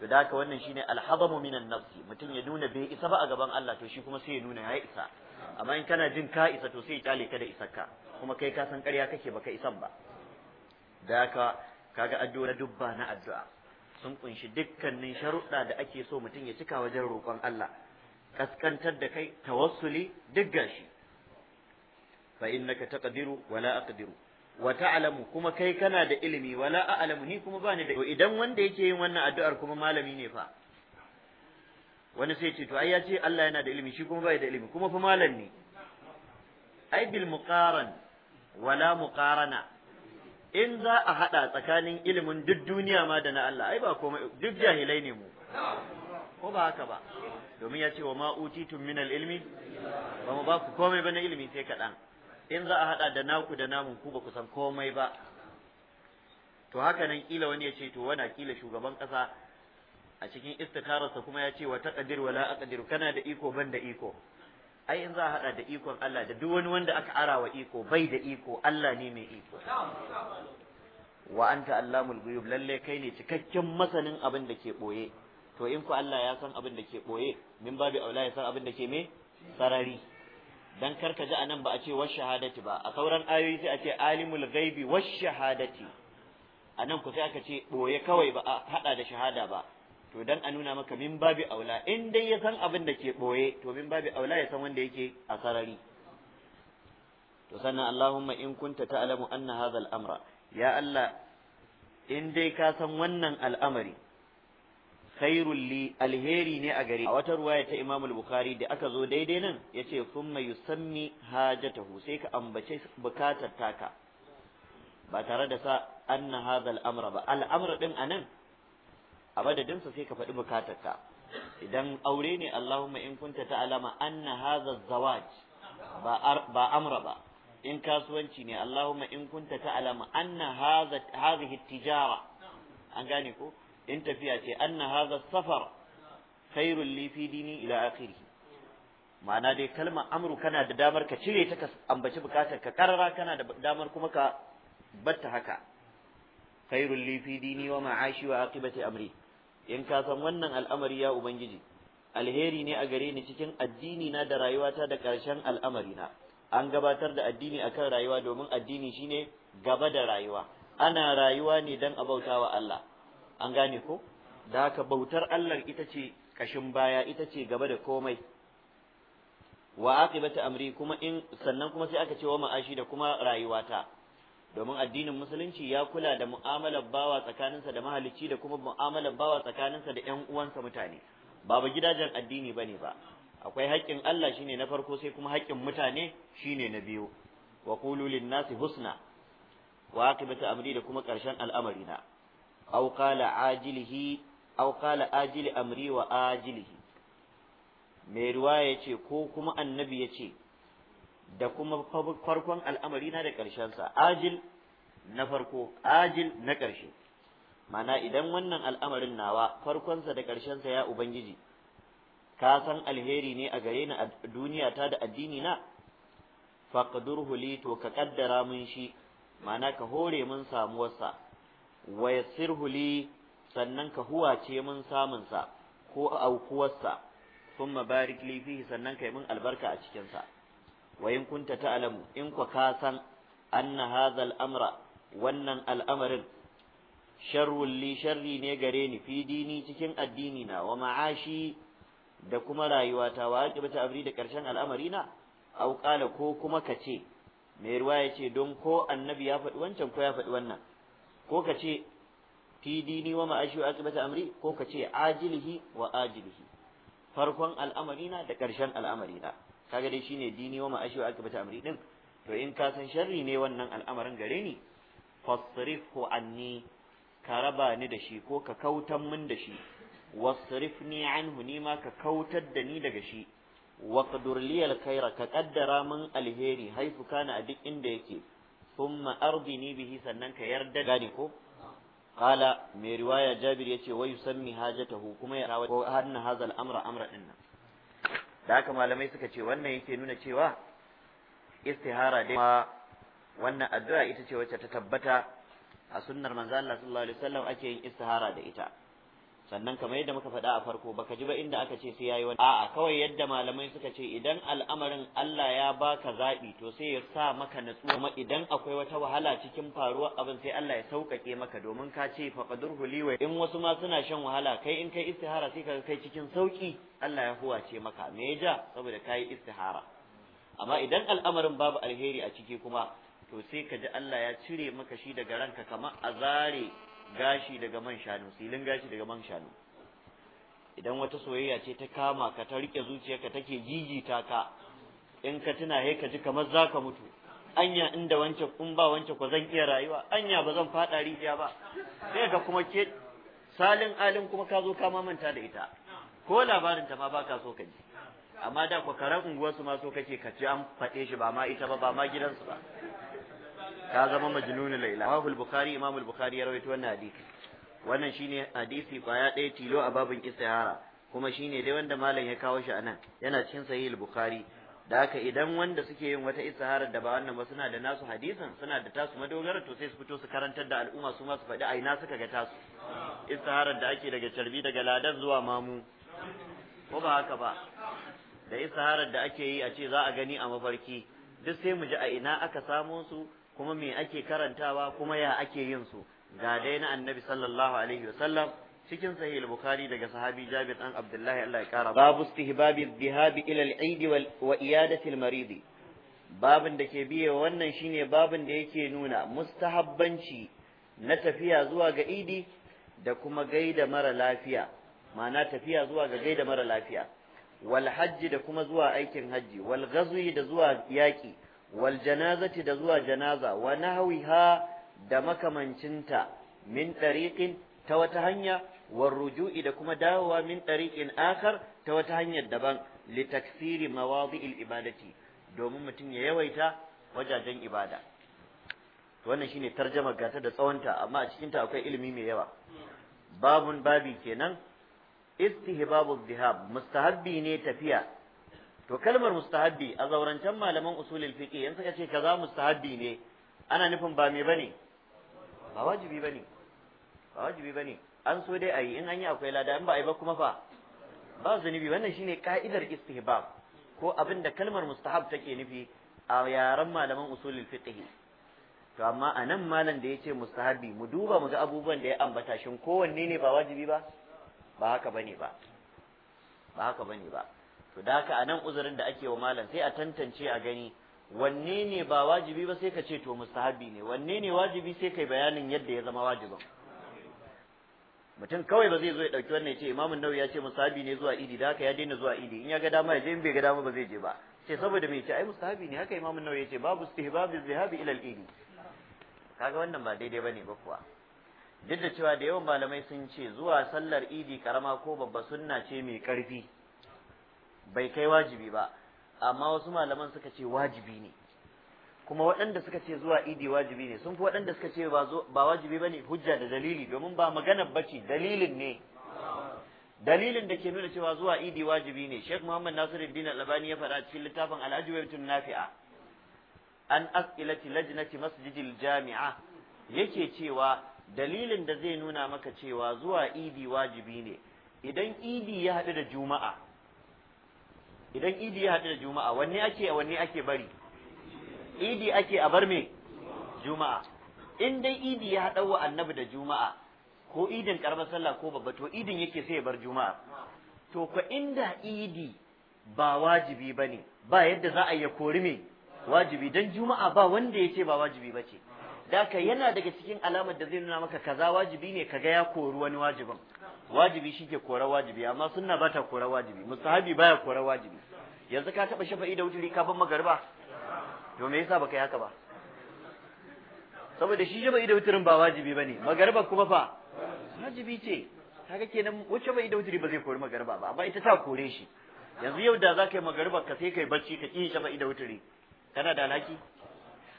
to da haka wannan shine al-hadamu min an-nafs mutum ya nuna bai isa ba a gaban Allah to shi kuma sai ya nuna ya isa amma in kana jin ka isa to sai ya kyale ka da isarka kuma kai ka san ƙarya kake baka isan ba da haka kaga addu'a dubba na addu'a sun kunshi dukkanin sharuɗa da ake so mutum ya cika wajen roƙon Allah kaskantar da kai tawassuli duk gashi fa innaka taqdiru wala aqdiru wa ta'lamu kuma kai kana da ilimi wala a'lamu ni kuma bani da idan wanda yake yin wannan addu'ar kuma malami ne fa wani sai ce to ai ya ce Allah yana da ilimi shi kuma bai da ilimi kuma fa malam ne ai bil muqaran wala muqarana in za a haɗa tsakanin ilimin duk duniya ma da na Allah ai ba komai duk jahilai ne mu ko ba haka ba domin ya ce wa ma utitum min ilmi ba mu ba ku komai ba na ilimi sai kaɗan in za a haɗa da naku da namun ku ba ku san komai ba to haka nan kila wani ya ce to wana kila shugaban ƙasa a cikin istikararsa kuma ya ce wa taqdir wala aqdir kana da iko ban da iko ai in za a hada da ikon Allah da duk wani wanda aka ara wa iko bai da iko Allah ne mai iko wa anta allamul ghuyub lalle kai ne cikakken masanin abin da ke boye to in ku Allah ya san abin da ke boye min babi aula ya san abin da ke me sarari dan ka ji anan ba a ce wash shahadati ba a sauran ayoyi sai a ce alimul ghaibi wa shahadati anan ku sai aka ce boye kawai ba a hada da shahada ba to dan a nuna maka min babi aula in dai ya san abin da ke boye to min babi aula ya san wanda yake a sarari to sannan Allahumma in kunta ta'lamu anna hadha al-amra ya Allah in dai ka san wannan al'amari khairul li alheri ne a gare a wata ruwaya ta Imam al-Bukhari da aka zo daidai nan yace thumma yusammi hajatahu sai ka ambace bukatar taka ba tare da sa anna hadha al-amra ba al-amra din anan a madadinsa sai ka faɗi bukatarka idan aure ne Allahumma in kunta ta'lama anna hadha zawaj ba ba amra ba in kasuwanci ne Allahumma in kunta ta'lama anna hadha hadhihi tijara an gane ko in tafiya ce anna hadha safar khairul li fi dini ila akhirih ma'ana dai kalma amru kana da damar ka cire ta ka ambaci bukatar ka karara kana da damar kuma ka batta haka khairul li fi dini wa ma'ashi wa aqibati amri in ka san wannan al'amari ya ubangiji alheri ne a gare ni cikin addini na da rayuwata da ƙarshen al'amari na an gabatar da addini akan rayuwa domin addini shine gaba da rayuwa ana rayuwa ne dan a bautawa Allah an gane ko da haka bautar Allah ita ce kashin baya ita ce gaba da komai wa aqibata amri kuma in sannan kuma sai aka ce wa ma'ashi da kuma rayuwata domin addinin musulunci ya kula da mu'amalar bawa tsakaninsa da mahalicci da kuma mu'amalar bawa tsakaninsa da ƴan uwansa mutane babu gidajen addini bane ba akwai haƙƙin Allah shine na farko sai kuma haƙƙin mutane shine na biyu wa qulu nasi husna wa aqibatu amri da kuma ƙarshen al'amari na aw qala ajilihi aw qala ajili amri wa ajilihi mai ruwaya yace ko kuma annabi yace da kuma farkon al'amari na da sa ajil na farko ajil na ƙarshe mana idan wannan al'amarin nawa farkonsa da ƙarshensa ya ubangiji ka san alheri ne a gare ni a duniya ta da addini na faqdurhu li to ka ƙaddara mun shi mana ka hore mun samuwarsa sa yassirhu li sannan ka huwace mun sa, ko aukuwarsa thumma barik li fihi sannan kai mun albarka a cikinsa wa in kunta ta'lamu in ku ka san anna hadha al-amra wannan al'amarin sharrul li sharri ne gare ni fi dini cikin addini wa ma'ashi da kuma rayuwata wa aqibata abri da karshen al'amari na aw qala ko kuma kace mai ruwa ya ce don ko annabi ya faɗi wancan ko ya faɗi wannan ko ka ce fi dini wa ma'ashi wa aqibata amri ko ka ce ajilihi wa ajilihi farkon al'amarina da ƙarshen al'amarina kaga dai shine dini wa ma'ashi wa akibata amri din to in ka san sharri ne wannan al'amarin gare ni fasrifhu anni ka raba ni da shi ko ka kautan min da shi wasrifni anhu ni ma ka kautar da ni daga shi waqdur kaira ka kaddara min alheri haifu kana a duk inda yake thumma ardini bihi sannan ka yarda gane ko qala mai riwaya jabir yace wa yusammi hajatahu kuma ya rawa ko anna hadha amra amra dinnan da haka malamai suka ce wannan yake nuna cewa istihara dai ma wannan addu'a ita ce wacce ta tabbata a sunnar manzo Allah sallallahu alaihi wasallam ake yin istihara da ita sannan kamar yadda muka faɗa a farko baka ji ba inda aka ce sai yayi wani a'a kawai yadda malamai suka ce idan al'amarin Allah ya baka zaɓi to sai ya sa maka natsuwa kuma idan akwai wata wahala cikin faruwar abin sai Allah ya sauƙaƙe maka domin ka ce faqadurhu liwa in wasu ma suna shan wahala kai in kai istihara sai ka kai cikin sauki Allah ya huwace maka me ya ja saboda kai istihara amma idan al'amarin babu alheri a ciki kuma to sai ka ji Allah ya cire maka shi daga ranka kamar a zare gashi daga man shanu silin gashi daga man shanu idan wata soyayya ce ta kama ka ta rike zuciyarka take jijita ka in ka tuna he ka ji kamar za ka mutu anya inda wance in ba wance ko zan iya rayuwa anya ba zan fada rijiya ba sai ga kuma ke salin alin kuma ka zo ka manta da ita ko labarin ta ma baka so ka ji amma da unguwar unguwarsu ma so kake ka ci an faɗe shi ba ma ita ba ba ma gidansu ba ka zama majnunin laila al bukhari imam bukhari ya rawaito wannan hadisi wannan shine hadisi kwaya ɗaya tilo a babin istihara kuma shine dai wanda malam ya kawo shi anan yana cikin sahih bukhari da haka idan wanda suke yin wata istiharar da ba wannan ba suna da nasu hadisin suna da tasu madogara to sai su fito su karantar da al'umma su ma su faɗi aina suka ga tasu istiharar da ake daga carbi daga ladan zuwa mamu ko ba haka ba da istiharar da ake yi a ce za a gani a mafarki duk sai mu ji a ina aka samo su kuma me ake karantawa kuma ya ake yin su ga dai na annabi sallallahu alaihi wasallam cikin sahih bukhari daga sahabi jabir dan abdullahi Allah ya kara babu istihbabi dhihabi ila al-eid wa iyadati al-marid babin da ke biye wannan shine babin da yake nuna mustahabbanci na tafiya zuwa ga idi da kuma gaida mara lafiya ma'ana tafiya zuwa ga gaida mara lafiya wal hajji da kuma zuwa aikin hajji wal ghazwi da zuwa yaki wal janazati da zuwa janaza wa nahwiha da makamancinta min tariqin ta wata hanya war ruju'i da kuma dawowa min tariqin akhar ta wata hanyar daban li taksiri mawadi'il ibadati domin mutum ya yawaita wajajen ibada wannan shine tarjama gata da tsawonta amma a cikin ta akwai ilimi mai yawa babun babi kenan istihbabu dhihab mustahabbi ne tafiya to kalmar mustahabbi a zaurancen malaman usulul fiqi yanzu ka ce kaza mustahabbi ne ana nufin ba me bane ba wajibi bane ba wajibi bane an so dai ayi in an yi akwai lada in ba ai ba kuma fa ba zunubi wannan shine ka'idar istihbab ko abin da kalmar mustahab take nufi a yaren malaman usulul fiqi to amma a nan malam da ya ce mu duba mu ga abubuwan da ya ambata shin kowanne ne ba wajibi ba ba haka bane ba ba haka bane ba to da haka anan uzurin da ake wa malam sai a tantance a gani wanne ne ba wajibi ba sai ka ce to mustahabi ne wanne ne wajibi sai kai bayanin yadda ya zama wajibin mutum kawai ba zai zo ya dauki wannan ya ce imamun nawawi ya ce mustahabi ne zuwa idi da haka ya daina zuwa idi in ya ga dama ya je in bai ga dama ba zai je ba ce saboda me ce ai mustahabi ne haka imamun nawawi ya ce babu istihbabi zihabi ila al-idi kaga wannan ba daidai bane ba kuwa duk da cewa da yawan malamai sun ce zuwa sallar idi karama ko babba sunna ce mai karfi bai kai wajibi ba amma wasu malaman suka ce wajibi ne kuma waɗanda suka ce zuwa idi wajibi ne sun fi waɗanda suka ce ba wajibi ba ne hujja da dalili domin ba maganar ce dalilin ne dalilin da ke nuna cewa zuwa idi wajibi ne sheikh muhammad nasiruddin al-albani ya faɗa cikin littafin al nafi'a an as'ilati lajnati masjidil jami'a yake cewa dalilin da zai nuna maka cewa zuwa idi wajibi ne idan idi ya haɗu da juma'a idan idi ya haɗu da juma'a wanne ake wanne ake bari idi ake a bar me juma'a in dai idi ya haɗa wa annabi da juma'a ko idin karamar sallah ko babba to idin yake sai ya bar juma'a to ko inda idi ba wajibi bane ba yadda za a yi kori me wajibi dan juma'a ba wanda ya ce ba wajibi bace daka yana daga cikin alamar da zai nuna maka kaza wajibi ne kaga ya kori wani wajibin wajibi shike kora wajibi amma sunna bata kora wajibi mustahabi baya kora wajibi yanzu ka taba shafa'i da wuturi kafin magariba to me yasa baka yi haka ba saboda shi shafa'i da wuturin ba wajibi bane magariba kuma fa wajibi ce kaga kenan wacce bai da wuturi ba zai kori magariba ba amma ita ta kore shi yanzu yau da zaka yi magariba ka sai kai bacci ka kin shafa'i da wuturi kana da alhaki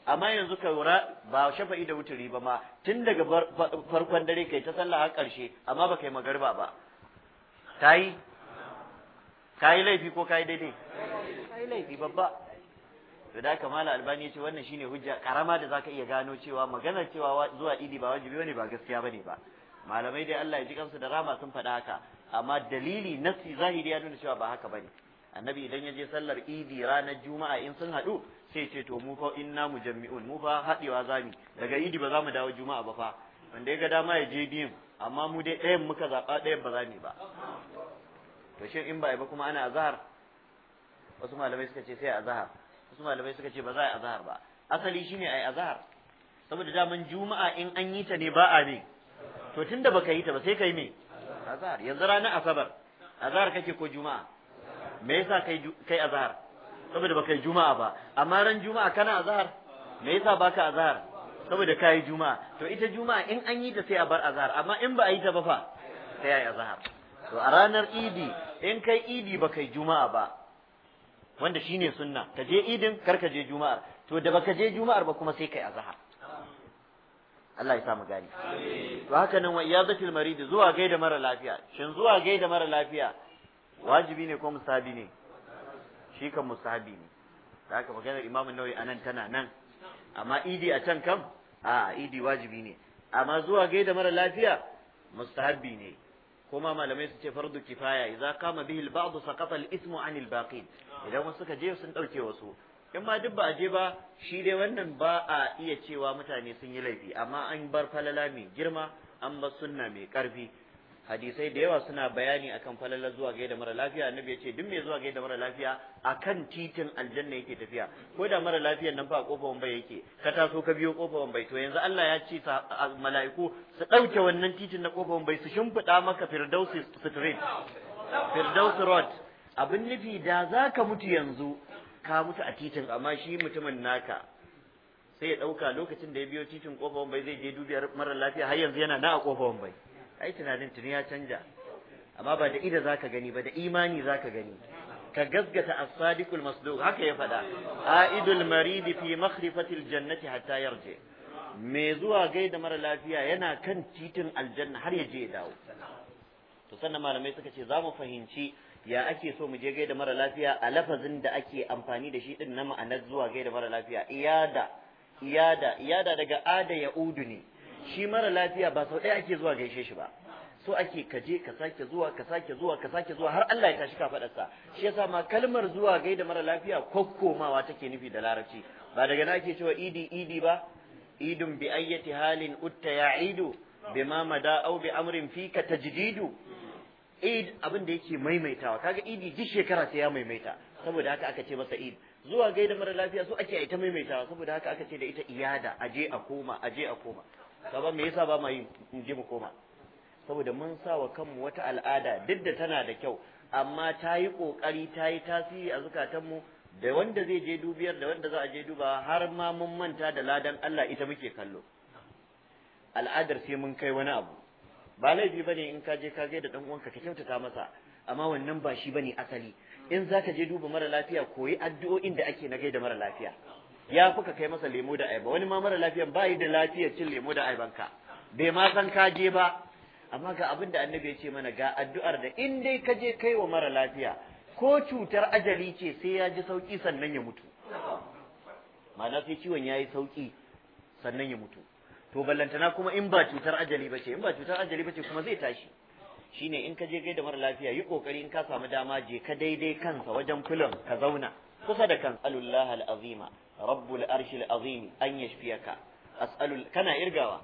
amma yanzu ka wura ba shafa'i da wuturi ba ma tun daga farkon dare kai ta sallah har karshe amma ba kai magarba ba Ka yi laifi ko kayi daidai yi laifi babba to da haka mala albani ce wannan shine hujja karama da zaka iya gano cewa maganar cewa zuwa idi ba wajibi bane ba gaskiya bane ba malamai dai Allah ya ji kansu da rama sun faɗa haka amma dalili nasi zahiri ya nuna cewa ba haka bane annabi idan ya je sallar idi ranar juma'a in sun haɗu sai ce to mu fa inna mujammi'un mu fa hadiwa zamu daga idi ba za mu dawo juma'a ba fa wanda ya ga dama ya je biyun amma mu dai ɗayan muka zaɓa ɗayan ba za mu ba to shin in ba ba kuma ana azhar wasu malamai suka ce sai azhar wasu malamai suka ce ba za a yi azhar ba asali shine ai azhar saboda daman juma'a in an yi ta ne ba a ne to tunda baka yi ta ba sai kai me azhar yanzu ranar asabar azhar kake ko juma'a me yasa kai kai azhar saboda baka yi juma'a ba amma ran juma'a kana azhar me yasa baka azhar saboda kayi juma'a to ita juma'a in an yi ta sai a bar azhar amma in ba a yi ta ba fa sai a yi azhar to a ranar idi in kai idi baka yi juma'a ba wanda shine sunna ka je idin kar ka je juma'ar to da baka je juma'ar ba kuma sai kai azhar Allah ya samu gani. To haka nan wa iyazatil marid zuwa gaida mara lafiya. Shin zuwa gaida mara lafiya wajibi ne ko musabi ne? shi kan musahabi ne da haka maganar imamun nawawi anan tana nan amma idi a can kam a idi wajibi ne amma zuwa gaida mara lafiya mustahabbi ne kuma malamai su ce fardu kifaya idza kama bihi al-ba'd saqata al-ismu 'an al-baqin idan wasu suka je sun dauke wasu in ma duk ba a je ba shi dai wannan ba a iya cewa mutane sun yi laifi amma an bar falala mai girma an bar sunna mai karfi hadisai da yawa suna bayani akan falalar zuwa ga da mara lafiya annabi ya ce duk mai zuwa ga da mara lafiya akan titin aljanna yake tafiya ko da mara lafiyan nan fa kofar wambai yake ka taso ka biyo kofar wambai to yanzu Allah ya ce mala'iku su ɗauke wannan titin na kofar wambai su shimfiɗa maka firdaus Street firdaus Road abin nufi da za ka mutu yanzu ka mutu a titin amma shi mutumin naka sai ya ɗauka lokacin da ya biyo titin kofar wambai zai je dubiyar mara lafiya har yanzu yana na a kofar bai ai tunanin tuni ya canja amma ba da ida zaka gani ba da imani zaka gani ka gaskata as-sadiqul masduq haka ya faɗa aidul marid fi makhrifatil jannati hatta yarji me zuwa gaida mara lafiya yana kan titin aljanna har ya je ya dawo to sannan malamai suka ce za mu fahimci ya ake so mu je gaida mara lafiya a lafazin da ake amfani da shi din na ma'anar zuwa gaida mara lafiya iyada iyada iyada daga ada ya udu ne shi mara lafiya ba sau ɗaya ake zuwa gaishe shi ba so ake kaje ka sake zuwa ka sake zuwa ka sake zuwa har Allah ya tashi ka faɗarsa shi yasa ma kalmar zuwa gaida mara lafiya kokkomawa take nufi da larabci ba daga na ake cewa idi idi ba idun bi ayyati halin utta ya'idu bima mada au bi amrin fika tajdidu id abin da yake maimaitawa kaga idi ji shekara sai ya maimaita saboda haka aka ce masa id zuwa gaida mara lafiya so ake aita maimaitawa saboda haka aka ce da ita iyada aje a koma aje a koma kaba me yasa ba ma yi mu je mu koma saboda mun sa wa kanmu wata al'ada duk da tana da kyau amma ta yi kokari ta yi tasiri a zukatanmu da wanda zai je dubiyar da wanda za a je duba har ma mun manta da ladan Allah ita muke kallo al'adar sai mun kai wani abu ba laifi bane in ka je ka ga da dan uwanka ka kyautata masa amma wannan ba shi bane asali in zaka je duba mara lafiya koyi addu'o'in da ake na gaida mara lafiya ya fi kai masa lemu da ayaba wani ma mara lafiyan ba yi da lafiyar cin lemu da ayaban ka bai ma san ka je ba amma ga abin da annabi ya ce mana ga addu'ar da in dai ka je kai wa mara lafiya ko cutar ajali ce sai ya ji sauki sannan ya mutu ma'ana sai ciwon ya yi sauki sannan ya mutu to ballantana kuma in ba cutar ajali ba ce in ba cutar ajali ba ce kuma zai tashi shine in ka je gaida mara lafiya yi kokari in ka samu dama je ka daidai kansa wajen filon ka zauna kusa da kan alullah al'azima rabbul arshil azim an yashfiyaka as'alul kana irgawa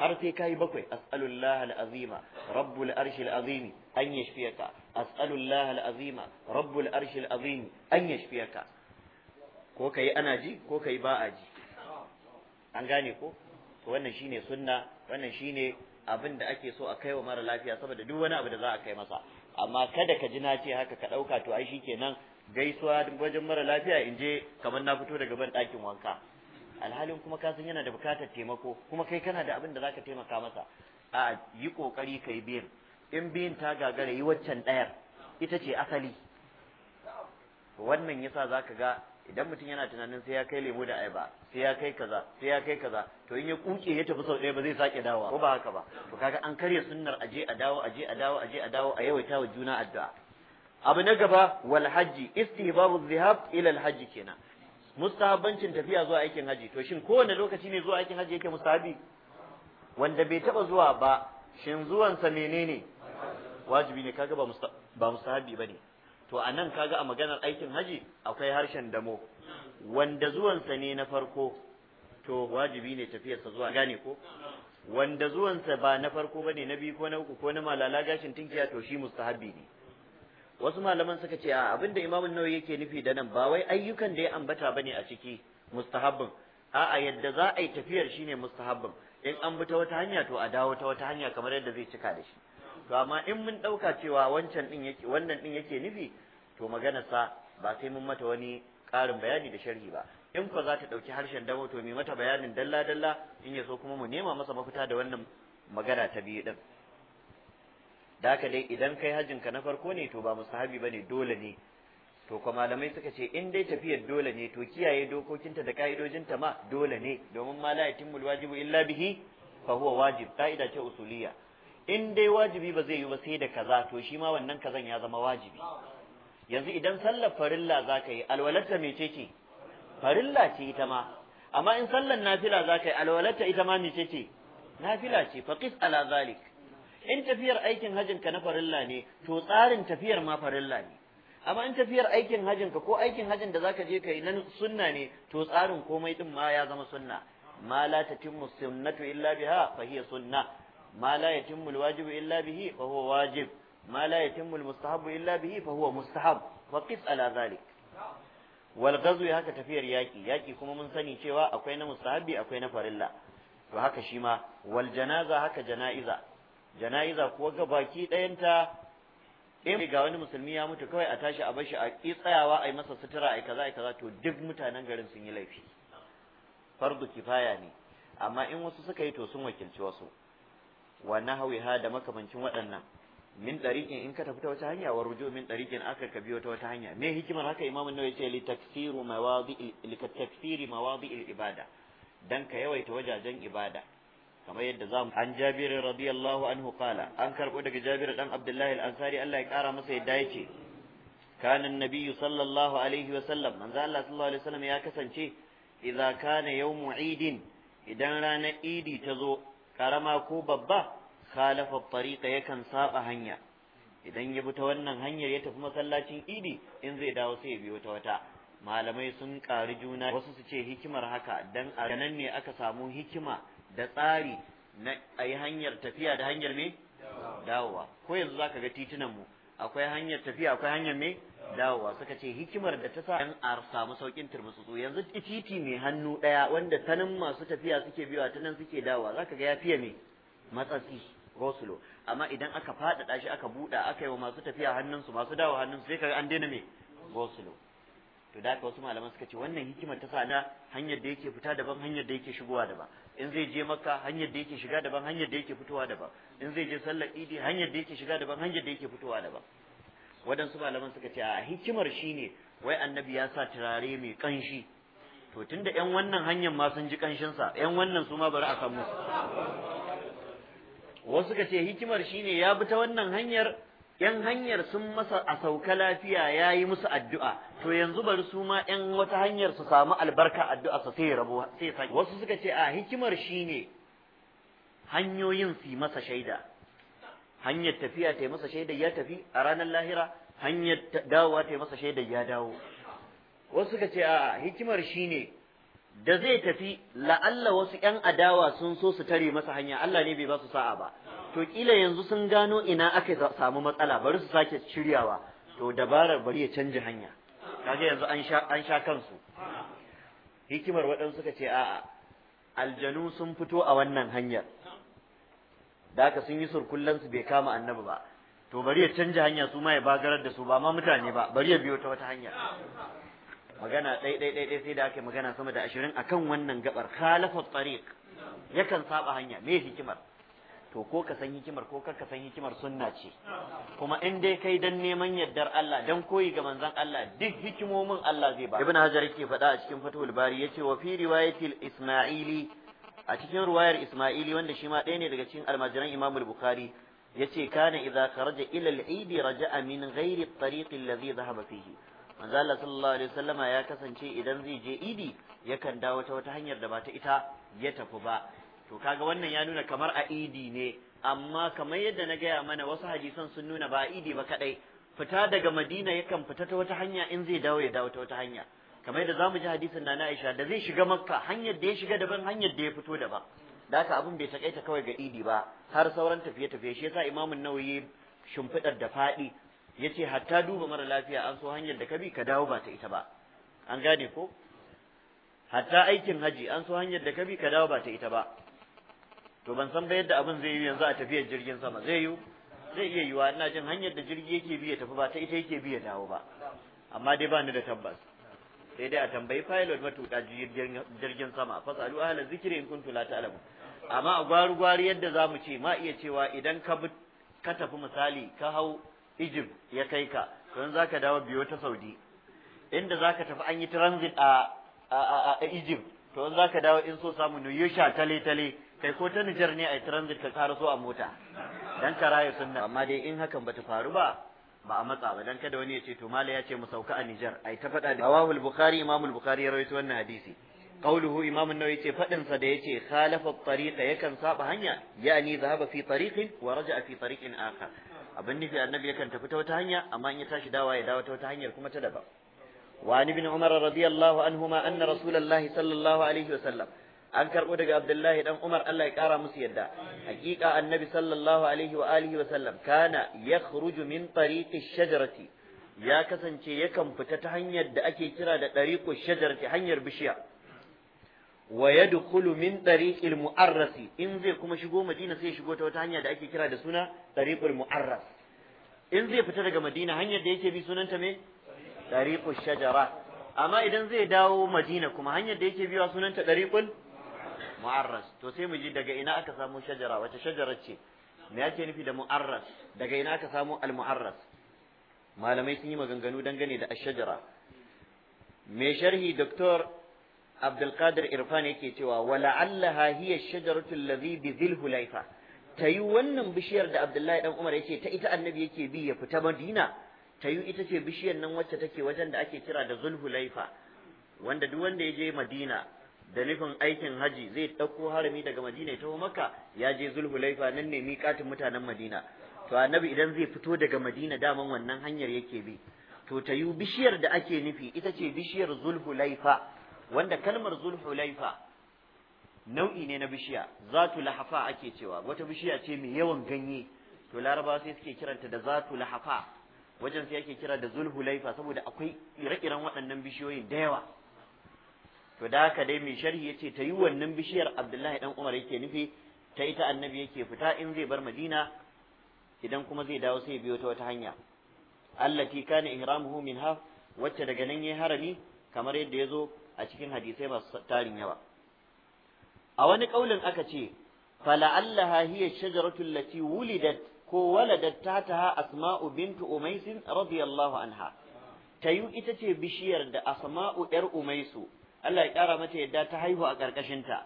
har sai kai bakwai as'alullah al'azima rabbul arshil azim an yashfiyaka as'alullah al'azima rabbul arshil azim an yashfiyaka ko kai ana ji ko kai ba a ji an gane ko to wannan shine sunna wannan shine abin da ake so a kai wa mara lafiya saboda duk wani abu da za a kai masa amma kada ka ji na ce haka ka ɗauka to ai shikenan gaisuwa wajen mara lafiya in je kamar na fito daga ban ɗakin wanka alhalin kuma ka san yana da bukatar taimako kuma kai kana da abin da zaka taimaka masa a yi kokari kai biyan in biyan ta gagara yi waccan ɗayar ita ce asali wannan yasa zaka ga idan mutum yana tunanin sai ya kai lemo da ayaba sai ya kai kaza sai ya kai kaza to in ya kuke ya tafi sau ɗaya ba zai sake dawowa ko ba haka ba to kaga an karya sunnar aje a dawo aje a dawo aje a dawo a yawaita wa juna addu'a abu na gaba wal hajji istihbabu dhihab ila al hajji kenan mustahabbancin tafiya zuwa aikin haji to shin kowane lokaci ne zuwa aikin haji yake mustahabi wanda bai taba zuwa ba shin zuwansa menene wajibi ne kaga ba mustahabi bane to a nan kaga a maganar aikin haji akwai harshen damo wanda zuwansa ne na farko to wajibi ne tafiyarsa zuwa gane ko wanda zuwansa ba na farko bane na biyu ko na uku ko na malala gashin tinkiya to shi mustahabi ne wasu malaman suka ce a abin da imamun nawa yake nufi da nan ba wai ayyukan da ya ambata bane a ciki mustahabbin a'a yadda za a yi tafiyar shine mustahabbin in an bi ta wata hanya to a dawo ta wata hanya kamar yadda zai cika da shi to amma in mun ɗauka cewa wancan din yake wannan din yake nufi to maganar sa ba sai mun mata wani ƙarin bayani da sharhi ba in fa za ta ɗauki harshen dawo to mai mata bayanin dalla dalla in ya so kuma mu nema masa mafita da wannan magana ta biyu din Daka dai idan kai hajjin ka na farko ne to ba musahabi bane dole ne to kuma malamai suka ce in dai tafiyar dole ne to kiyaye dokokinta da ka'idojinta ma dole ne domin ma la yatimul wajibu illa bihi fa huwa wajib ka'ida ce usuliya in dai wajibi ba zai yi ba sai da kaza to shi ma wannan kazan ya zama wajibi yanzu idan sallar farilla zaka yi alwalarta ce? farilla ce ita ma amma in sallar nafila zaka yi alwalarta ita ma ce? nafila ce faqis ala zalik in tafiyar aikin hajin ka na farilla ne to tsarin tafiyar ma farilla ne amma in tafiyar aikin hajin ka ko aikin hajin da zaka je kai nan sunna ne to tsarin komai din ma ya zama sunna ma la tatimmu sunnatu illa biha fa hiya sunna ma la yatimmu alwajibu illa bihi fa huwa wajib ma la yatimmu almustahabu illa bihi fa huwa mustahab wa qis ala wal ghazwi haka tafiyar yaki yaki kuma mun sani cewa akwai na mustahabi akwai na farilla to haka shi ma wal janaza haka janaiza jana'iza kuwa ga baki ɗayanta in ga wani musulmi ya mutu kawai a tashi a bashi a ƙi tsayawa a yi masa sutura a kaza a kaza to duk mutanen garin sun yi laifi fardu kifaya ne amma in wasu suka yi to sun wakilci wasu wa ha da makamancin waɗannan min dariqin in ka tafi ta wata hanya wa rujo min dariqin aka ka biyo ta wata hanya me hikimar haka imamu ya ce li taksiru mawadi li ibada dan ka yawaita wajajen ibada kamar yadda za mu an jabir radiyallahu anhu an karbo daga jabir dan abdullahi al-ansari Allah ya kara masa yadda yake كان النبي صلى الله عليه وسلم من ذا الله صلى الله عليه وسلم يا كسنشي إذا كان يوم عيد إذا رانا إيدي تزو كرما كو ببا خالف الطريق يكن ساب idan ya bi ta wannan hanyar ya tafi masallacin idi in zai dawo sai ya biyo ta wata malamai sun ƙari juna wasu su ce hikimar haka dan a nan ne aka samu hikima da tsari na a yi hanyar tafiya da hanyar me dawowa ko yanzu za ka ga titunan mu akwai hanyar tafiya akwai hanyar me dawowa suka ce hikimar da ta sa an a samu saukin turmutsutsu yanzu titi mai hannu ɗaya wanda ta nan masu tafiya suke biyawa ta nan suke dawowa za ka ga ya fiye me matsatsi gosulo amma idan aka faɗaɗa shi aka buɗa aka yi wa masu tafiya hannunsu masu dawowa hannunsu sai ka ga an daina me gosulo to da wasu malaman suka ce wannan hikimar ta sa na hanyar da yake fita daban hanyar da yake shigowa daban in zai je makka hanyar da yake shiga daban hanyar da yake fitowa daban in zai je sallar idi hanyar da yake shiga daban hanyar da yake fitowa daban waɗansu malaman suka ce a hikimar shine wai annabi ya sa turare mai kanshi to tunda ƴan wannan hanyar ma sun ji kanshin sa wannan su ma bari a san musu wasu suka ce hikimar shine ya bi ta wannan hanyar yan hanyar sun masa a sauka lafiya ya yi musu addu'a to yanzu bari su ma yan wata hanyar su samu albarka addu'a su sai rabu sai sake wasu suka ce a hikimar shine hanyoyin su masa shaida hanyar tafiya ta masa shaida ya tafi a ranar lahira hanyar dawowa ta masa shaida ya dawo wasu suka ce a hikimar shine da zai tafi la'alla wasu ‘yan adawa sun so su tare masa hanya Allah ne bai ba su sa'a ba to kila yanzu sun gano ina aka samu matsala bari su sake shiryawa to dabarar bari ya canji hanya kaga yanzu an sha an sha kansu hikimar waɗansu suka ce a'a aljanu sun fito a wannan hanyar da ka sun yi surkullansu bai kama annabi ba to bari ya canja hanya su ma ya bagarar da su ba ma mutane ba bari ya biyo ta wata hanya magana ɗai ɗai ɗai sai da aka magana sama da ashirin akan wannan gabar khalafat tariq yakan saba hanya me hikimar to ko ka san hikimar ko kar ka san hikimar sunna ce kuma in dai kai dan neman yardar Allah dan koyi ga manzon Allah duk hikimomin Allah zai ba Ibn Hajar yake faɗa a cikin Fathul Bari yace wa fi riwayatil Isma'ili a cikin ruwayar Isma'ili wanda shi ma ɗaya ne daga cikin almajiran Imam Bukhari yace kana idza kharaja ila al-Eid raja'a min ghairi at-tariq alladhi dhahaba fihi manzo Allah sallallahu alaihi wasallama ya kasance idan zai je Idi yakan dawo ta wata hanyar da ba ta ita ya tafi ba to kaga wannan ya nuna kamar a idi ne amma kamar yadda na gaya mana wasu hadisan sun nuna ba idi ba kadai fita daga madina yakan fita ta wata hanya in zai dawo ya dawo ta wata hanya kamar yadda zamu ji hadisin na Aisha da zai shiga makka hanyar da ya shiga daban hanyar da ya fito daban da haka abin bai takaita kawai ga idi ba har sauran tafiye-tafiye shi yasa imamun nawayi shimfidar da faɗi yace hatta duba mara lafiya an so hanyar da ka bi ka dawo ba ta ita ba an gane ko hatta aikin haji an so hanyar da ka bi ka dawo ba ta ita ba to ban san ba yadda abin zai yi yanzu a tafiyar jirgin sama zai yi zai iya yiwa ina jin hanyar da jirgi yake bi tafi ba ta ita yake bi ya dawo ba amma dai ba da tabbas sai dai a tambayi pilot matuƙa jirgin sama fasalu ahla zikri in kuntu la ta'lamu amma a gwaru gwari yadda zamu ce ma iya cewa idan ka ka tafi misali ka hau Egypt ya kai ka to yanzu zaka dawo biyo ta Saudi inda zaka tafi an yi transit a a Egypt to yanzu zaka dawo in so samu ne yusha tale tale kai ko ta Nijar ne a transit ka karaso a mota dan ka rayu sunna amma dai in hakan bata faru ba ba a matsa ba dan kada wani ya ce to mala ya ce mu sauka a Nijar ai ta faɗa da Rawahu al-Bukhari Imamul bukhari ya rawaito wannan hadisi قوله إمام النووي فدن سديتي خالف الطريق يكن صاب هنيا يعني ذهب في طريق ورجع في طريق آخر abin nufi annabi yakan tafi ta wata hanya amma in ya tashi dawa ya dawo ta wata hanyar kuma ta daban wa ibn umar radiyallahu anhuma anna rasulullahi an karbo daga Abdullahi dan Umar Allah ya kara musu yadda hakika annabi sallallahu alaihi wa alihi wa sallam kana yakhruju min tariqi shajarati ya kasance yakan fita ta hanyar da ake kira da tariqu shajarati hanyar bishiya wa yadkhulu min tariqil mu'arrasi in zai kuma shigo Madina sai shigo ta wata hanya da ake kira da suna tariqul mu'arras in zai fita daga Madina hanyar da yake bi sunanta me tariqu shajara amma idan zai dawo Madina kuma hanyar da yake biwa sunanta tariqul mu'arras to sai mu ji daga ina aka samu shajara wace shajara ce me yake nufi da mu'arras daga ina aka samu al-mu'arras malamai sun yi maganganu dangane da ash-shajara me sharhi doktor Abdulkadir Irfan yake cewa wala'allaha hiya ash-shajaratu allazi bi dhil hulayfa tayi wannan bishiyar da Abdullahi dan Umar yace ta ita annabi yake bi ya fita Madina tayi ita ce bishiyar nan wacce take wajen da ake kira da Zulhulaifa wanda duk wanda ya je Madina da nufin aikin haji zai ɗauko harami daga madina ya taho maka ya je zulhulaifa nan ne miƙatin mutanen madina to annabi idan zai fito daga madina daman wannan hanyar yake bi to ta yi bishiyar da ake nufi ita ce bishiyar zulhulaifa wanda kalmar zulhulaifa nau'i ne na bishiya zatu lahafa ake cewa wata bishiya ce mai yawan ganye to Laraba sai suke kiranta da zatu lahafa wajen sai ake kira da zulhulaifa saboda akwai ire-iren waɗannan bishiyoyin da yawa to da haka dai mai sharhi ce ta yi wannan bishiyar Abdullahi dan Umar yake nufi ta ita annabi yake fita in zai bar Madina idan kuma zai dawo sai biyo ta wata hanya allati kana ihramuhu minha wacce daga nan yayi harami kamar yadda ya zo a cikin hadisai masu tarin yawa a wani kaulin aka ce fala'allaha hiya shajaratu allati wulidat ko waladat tataha asma'u bintu umais radiyallahu anha tayu ita ce bishiyar da asma'u yar umaisu Allah ya ƙara mata yadda ta haihu a ƙarƙashinta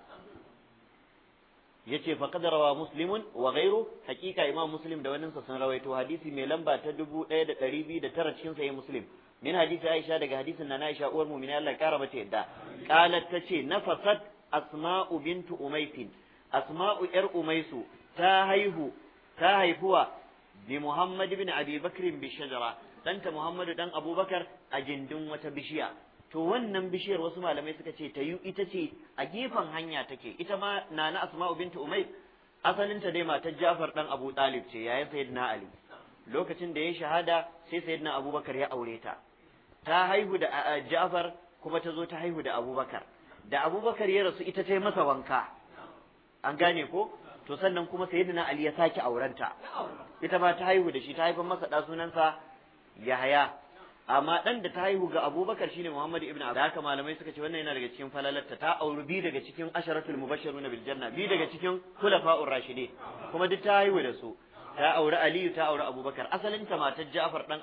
yace ce qad rawa muslimun wa gairu haqiqa imam muslim da wannan sun rawaito hadisi mai lamba ta dubu 1209 cikin sahih muslim min hadisi aisha daga hadisin na aisha uwar mu'mina Allah ya kara mata yadda qalat tace nafasat asma'u bintu umaysin asma'u yar umaysu ta haihu ta haifuwa bi muhammad ibn abi bakr bi shajara danta muhammadu dan abubakar a gindin wata bishiya to wannan bishiyar wasu malamai suka ce ta yi ita ce a gefen hanya take ita ma na asma'u binta umayr asalinta dai matar jafar dan abu talib ce yayin sayyidina ali lokacin da ya shahada sai sayyidina abubakar ya aure ta ta haihu da jafar kuma ta zo ta haihu da abubakar da abubakar ya rasu ita ta yi masa wanka an gane ko to sannan kuma sayyidina ali ya sake aurenta ita ma ta haihu da shi ta haifar masa da sunansa yahaya amma dan da ta haihu ga abubakar shine muhammad ibnu abu haka malamai suka ce wannan yana daga cikin falalarta ta auri bi daga cikin asharatul mubashiruna bil janna bi daga cikin khulafa'ur rashidin kuma duk ta haihu da su ta auri aliyu ta auri abubakar asalin ta matar ja'far dan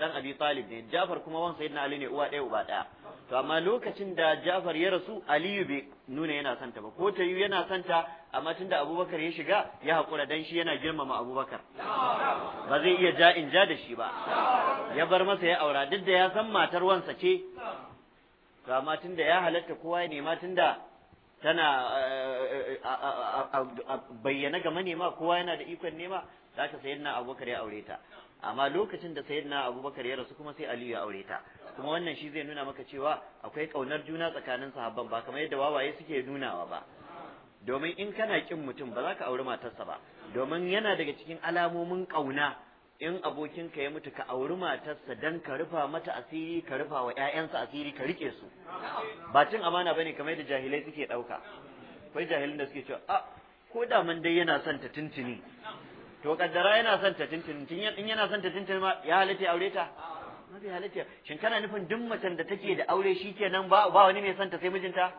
dan abi talib ne ja'far kuma wan sayyidina ali ne uwa ɗaya uba ɗaya to amma lokacin da Ja'far ya rasu Aliyu bai nuna yana santa ba ko ta yana santa amma tunda Abubakar ya shiga ya hakura dan shi yana girmama Abubakar ba zai iya ja in ja da shi ba ya bar masa ya aura duk da ya san matar wansa ce to amma tunda ya halatta kowa ya nema tunda tana eh, eh, eh, bayyana ga manema kowa yana da ikon nema zaka sayyidina Abubakar ya aure ta amma lokacin da na abubakar ya rasu kuma sai aliyu ya aure ta kuma wannan shi zai nuna maka cewa akwai kaunar juna tsakanin sahabban ba kamar yadda wawaye suke nunawa ba domin in kana kin mutum ba za ka auri matarsa ba domin yana daga cikin alamomin kauna in abokinka ya mutu ka auri matarsa dan ka rufa mata asiri ka rufa wa ƴaƴansa asiri ka rike su ba cin amana bane kamar yadda jahilai suke ɗauka akwai jahilin da suke cewa a ah, ko da man dai yana son ta tuntuni to kaddara yana son ta tintin in yana son ta tintin ma ya halatta aure ta ma bai halatta shin kana nufin duk macen da take da aure shikenan ba ba wani mai son ta sai mijinta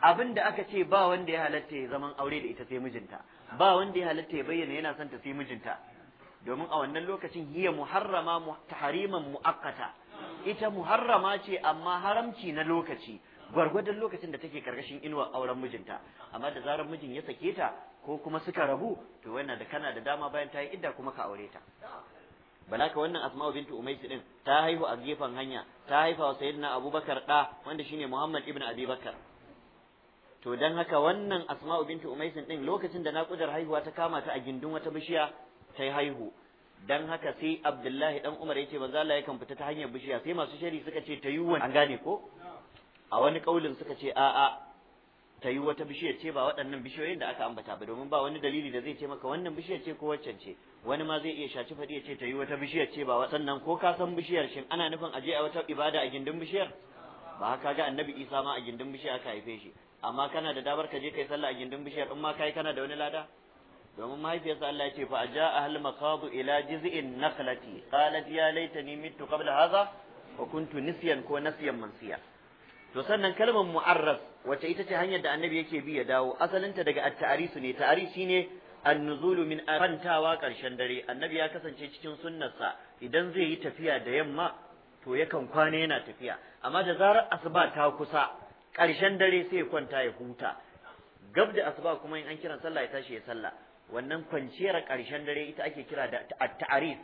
abin da aka ce ba wanda ya halatta ya zaman aure da ita sai mijinta ba wanda ya halatta ya bayyana yana son ta sai mijinta domin a wannan lokacin hiya muharrama tahariman muakkata ita muharrama ce amma haramci na lokaci gwargwadon lokacin da take karkashin inuwa auren mijinta amma da zarar mijin ya sake ta ko kuma suka rabu to wannan da kana da dama bayan ta yi idda kuma ka aure ta balaka wannan asma'u bintu umaysi din ta haihu a gefen hanya ta haifa wa sayyidina abubakar da wanda shine muhammad ibn abi bakar to dan haka wannan asma'u bintu umaysin din lokacin da na kudar haihuwa ta kama ta a gindin wata bishiya ta haihu dan haka sai abdullahi dan umar yace manzo Allah yakan fita ta hanyar bishiya sai masu shari suka ce ta yi an gane ko a wani kaulin suka ce a'a ta yi wata bishiyar ce ba waɗannan bishiyoyin da aka ambata ba domin ba wani dalili da zai ce maka wannan bishiyar ce ko waccan ce wani ma zai iya shaci faɗi ya ce ta yi wata bishiyar ce ba waɗannan ko ka san bishiyar shin ana nufin aje a wata ibada a gindin bishiyar ba haka ga annabi isa ma a gindin bishiyar aka haife shi amma kana da damar ka je kai sallah a gindin bishiyar in ma kai kana da wani lada domin mahaifiyarsa Allah ya ce fa aja ahl maqad ila jiz'in naqlati qalat ya laitani mittu qabla hadha wa kuntu nisyan ko nasiyan mansiya to sannan kalmar mu'arraf wacce ita ce hanyar da annabi yake bi ya dawo asalinta daga at-ta'arisu ne ta'arisi ne an-nuzulu min kwantawa karshen dare annabi ya kasance cikin sunnarsa idan zai yi tafiya da yamma to yakan kwana yana tafiya amma da zarar asuba ta kusa karshen dare sai ya kwanta ya huta gab da asuba kuma in an kira sallah ya tashi ya sallah wannan kwanciyar karshen dare ita ake kira da at-ta'aris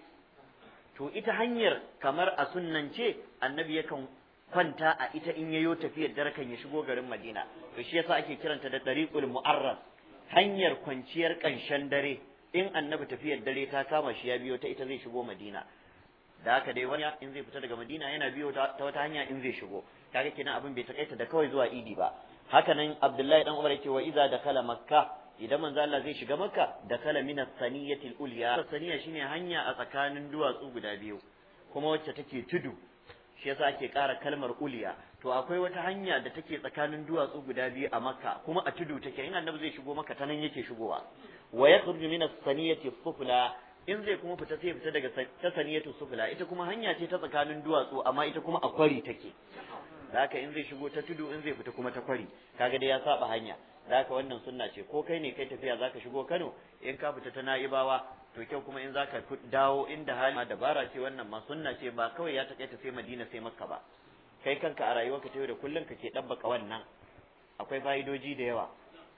to ita hanyar kamar a sunnance annabi yakan kwanta a ita in yayo tafiyar dare kan ya shigo garin Madina to shi yasa ake kiranta da dariqul mu'arras hanyar kwanciyar kanshen dare in annabi tafiyar dare ta kama shi ya biyo ta ita zai shigo Madina da haka dai wani in zai fita daga Madina yana biyo ta wata hanya in zai shigo kaga kenan abin bai takaita da kawai zuwa idi ba haka nan Abdullahi dan Umar yake wa iza da kala Makka idan manzo Allah zai shiga Makka da kala min as-saniyati al-ulya saniya shine hanya a tsakanin duwatsu guda biyu kuma wacce take tudu shi yasa ake ƙara kalmar uliya to akwai wata hanya da take tsakanin duwatsu guda biyu a makka kuma a tudu take in annabi zai shigo maka ta nan yake shigowa wa yakhruju min as-saniyati sufla in zai kuma fita sai fita daga ta saniyatu sufla ita kuma hanya ce ta tsakanin duwatsu amma ita kuma a kwari take haka in zai shigo ta tudu in zai fita kuma ta kwari kaga dai ya saba hanya zaka wannan sunna ce ko kai ne kai tafiya zaka shigo Kano in ka fita ta Na'ibawa to kyau kuma in zaka dawo inda hali dabara ce wannan ma sunna ce ba kawai ya ta sai Madina sai Makka ba kai kanka a rayuwarka ta yau da kullun kake dabbaka wannan akwai fa'idoji da yawa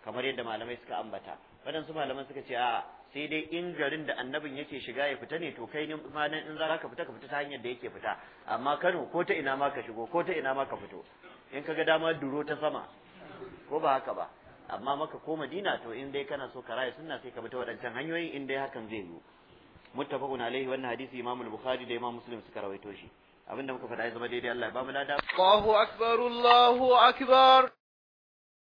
kamar yadda malamai suka ambata waɗansu malaman suka ce a sai dai in garin da annabin yake shiga ya fita ne to kai ne ma nan in za ka fita ka fita ta hanyar da yake fita amma Kano ko ta ina ma ka shigo ko ta ina ma ka fito in ka ga dama duro ta sama ko ba haka ba amma maka ko madina to in dai kana so ka raya sunna sai ka bi ta waɗancan hanyoyi in dai hakan zai yiwu muttafaqun alaihi wannan hadisi imamu al-bukhari da imamu muslim suka rawaito shi abinda muka faɗa ya zama daidai Allah ya ba mu lada Allahu akbar Allahu akbar